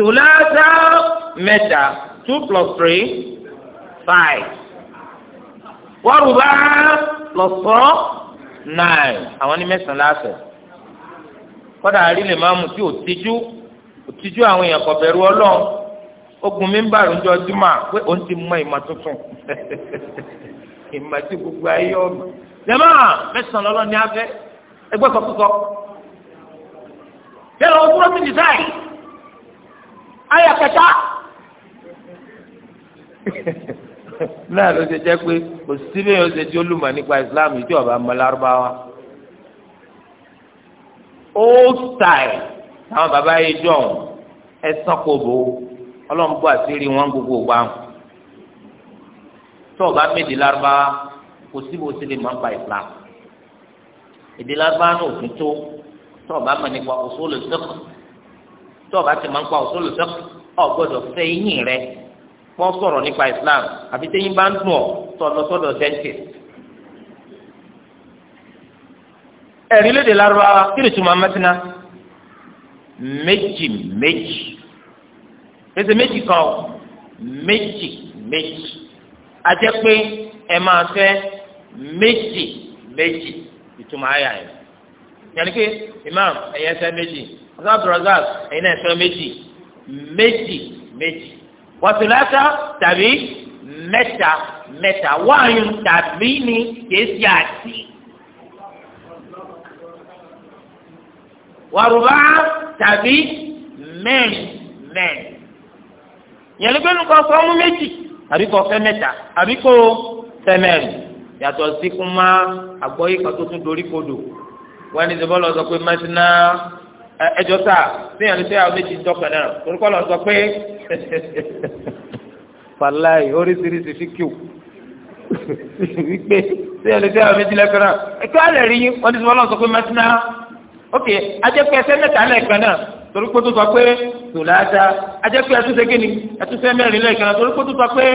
tòlátà mẹ́ta two plus three five wọ́rùbá plus four nine àwọn ní mẹ́sàn-án láàfẹ̀ kọ́dà àrílẹ̀ máa mú tí ò tijú ò tijú àwọn èèyàn kọ̀ bẹ̀rù ọlọ́run ogun mímbà ló ń jọ júmọ̀ pé òun ti mọ ìmọ̀ tuntun ìmọ̀ tí gbogbo ayé ọ̀nà jẹ́mọ́ mẹ́sàn-án lọ́lọ́ ní abẹ́ ẹgbẹ́ kọ̀kọ́kọ́ yẹ́n lọ́wọ́ fúnra mi nìsáyìí àyà kẹta náà ló ṣe jẹ́ pé kò síbẹ̀ yóò ṣe jẹ́ olùmọ̀ nípa Islam yìí tí ọba mọ lárúbáwá old style àwọn bàbá yìí jọ̀ọ́ ẹ̀sán kò bò ó ọlọ́run bó àṣírí wọn gbogbo wa tó ọba méjì lárúbáwá kò síbẹ̀ ó sì lè máa ń pa Islam èdè lárúbáwá náà ò tún tó tó ọba mọ̀ nípa òṣòlù sẹ́kọ̀ọ́. tó o bá ti máa ń pa òṣòlù sọ́kù o gbọ́dọ̀ fẹ́ eyín rẹ kó sọ̀rọ̀ nípa Islam àfi téyín bá ń dùn ọ́ tó o lọ sọ́dọ̀ dẹ́ńtì. ẹ̀rí léde lárúbáwá kí ni tùmọ̀ mẹ́tìnà méjì méjì pèsè méjì kan méjì méjì ajẹ́ pé ẹ máa fẹ́ méjì méjì ìtumọ̀ ayà yẹn yẹn ni pé imam ẹ̀yẹ fẹ́ méjì. ọ̀sán abdulrazak ẹ̀yin náà sọ méjì méjì méjì wàtúlásá tàbí mẹ́ta mẹ́ta wáyún tàbí ní kèésì àti. wàrúbá tàbí mẹ́rin mẹ́rin yẹn ló gbẹ́nu kan sọ mú méjì àbí kò fẹ́ mẹ́ta àbí kò fẹ́ mẹ́rin yàtọ̀ sí kún mọ́ àgbọ̀yé kan tó tún dorí kodò wọ́n ní sọ́bọ́ lọ sọ pé mẹ́tínà ẹjọ́ sá síyàn ní sẹ́yà méjì dọ́kàn náà orúkọ lọ sọ pé fàlàyé oríṣiríṣi fíkìw wípé síyàn ní sẹ́yà méjì lẹ́kàn náà ẹ̀kọ́ àlẹ́ rí wọ́n ti sọ lọ́sọ pé mẹ́tínà ok ajẹ́pẹ́ ẹsẹ́ mẹ́ta lẹ́kàn náà torí pé tó sọ pé tòlá dá ajẹ́pẹ́ ẹtúnṣe kíni ẹtúnṣe mẹ́rin lẹ́kàn náà torí pé tó sọ pé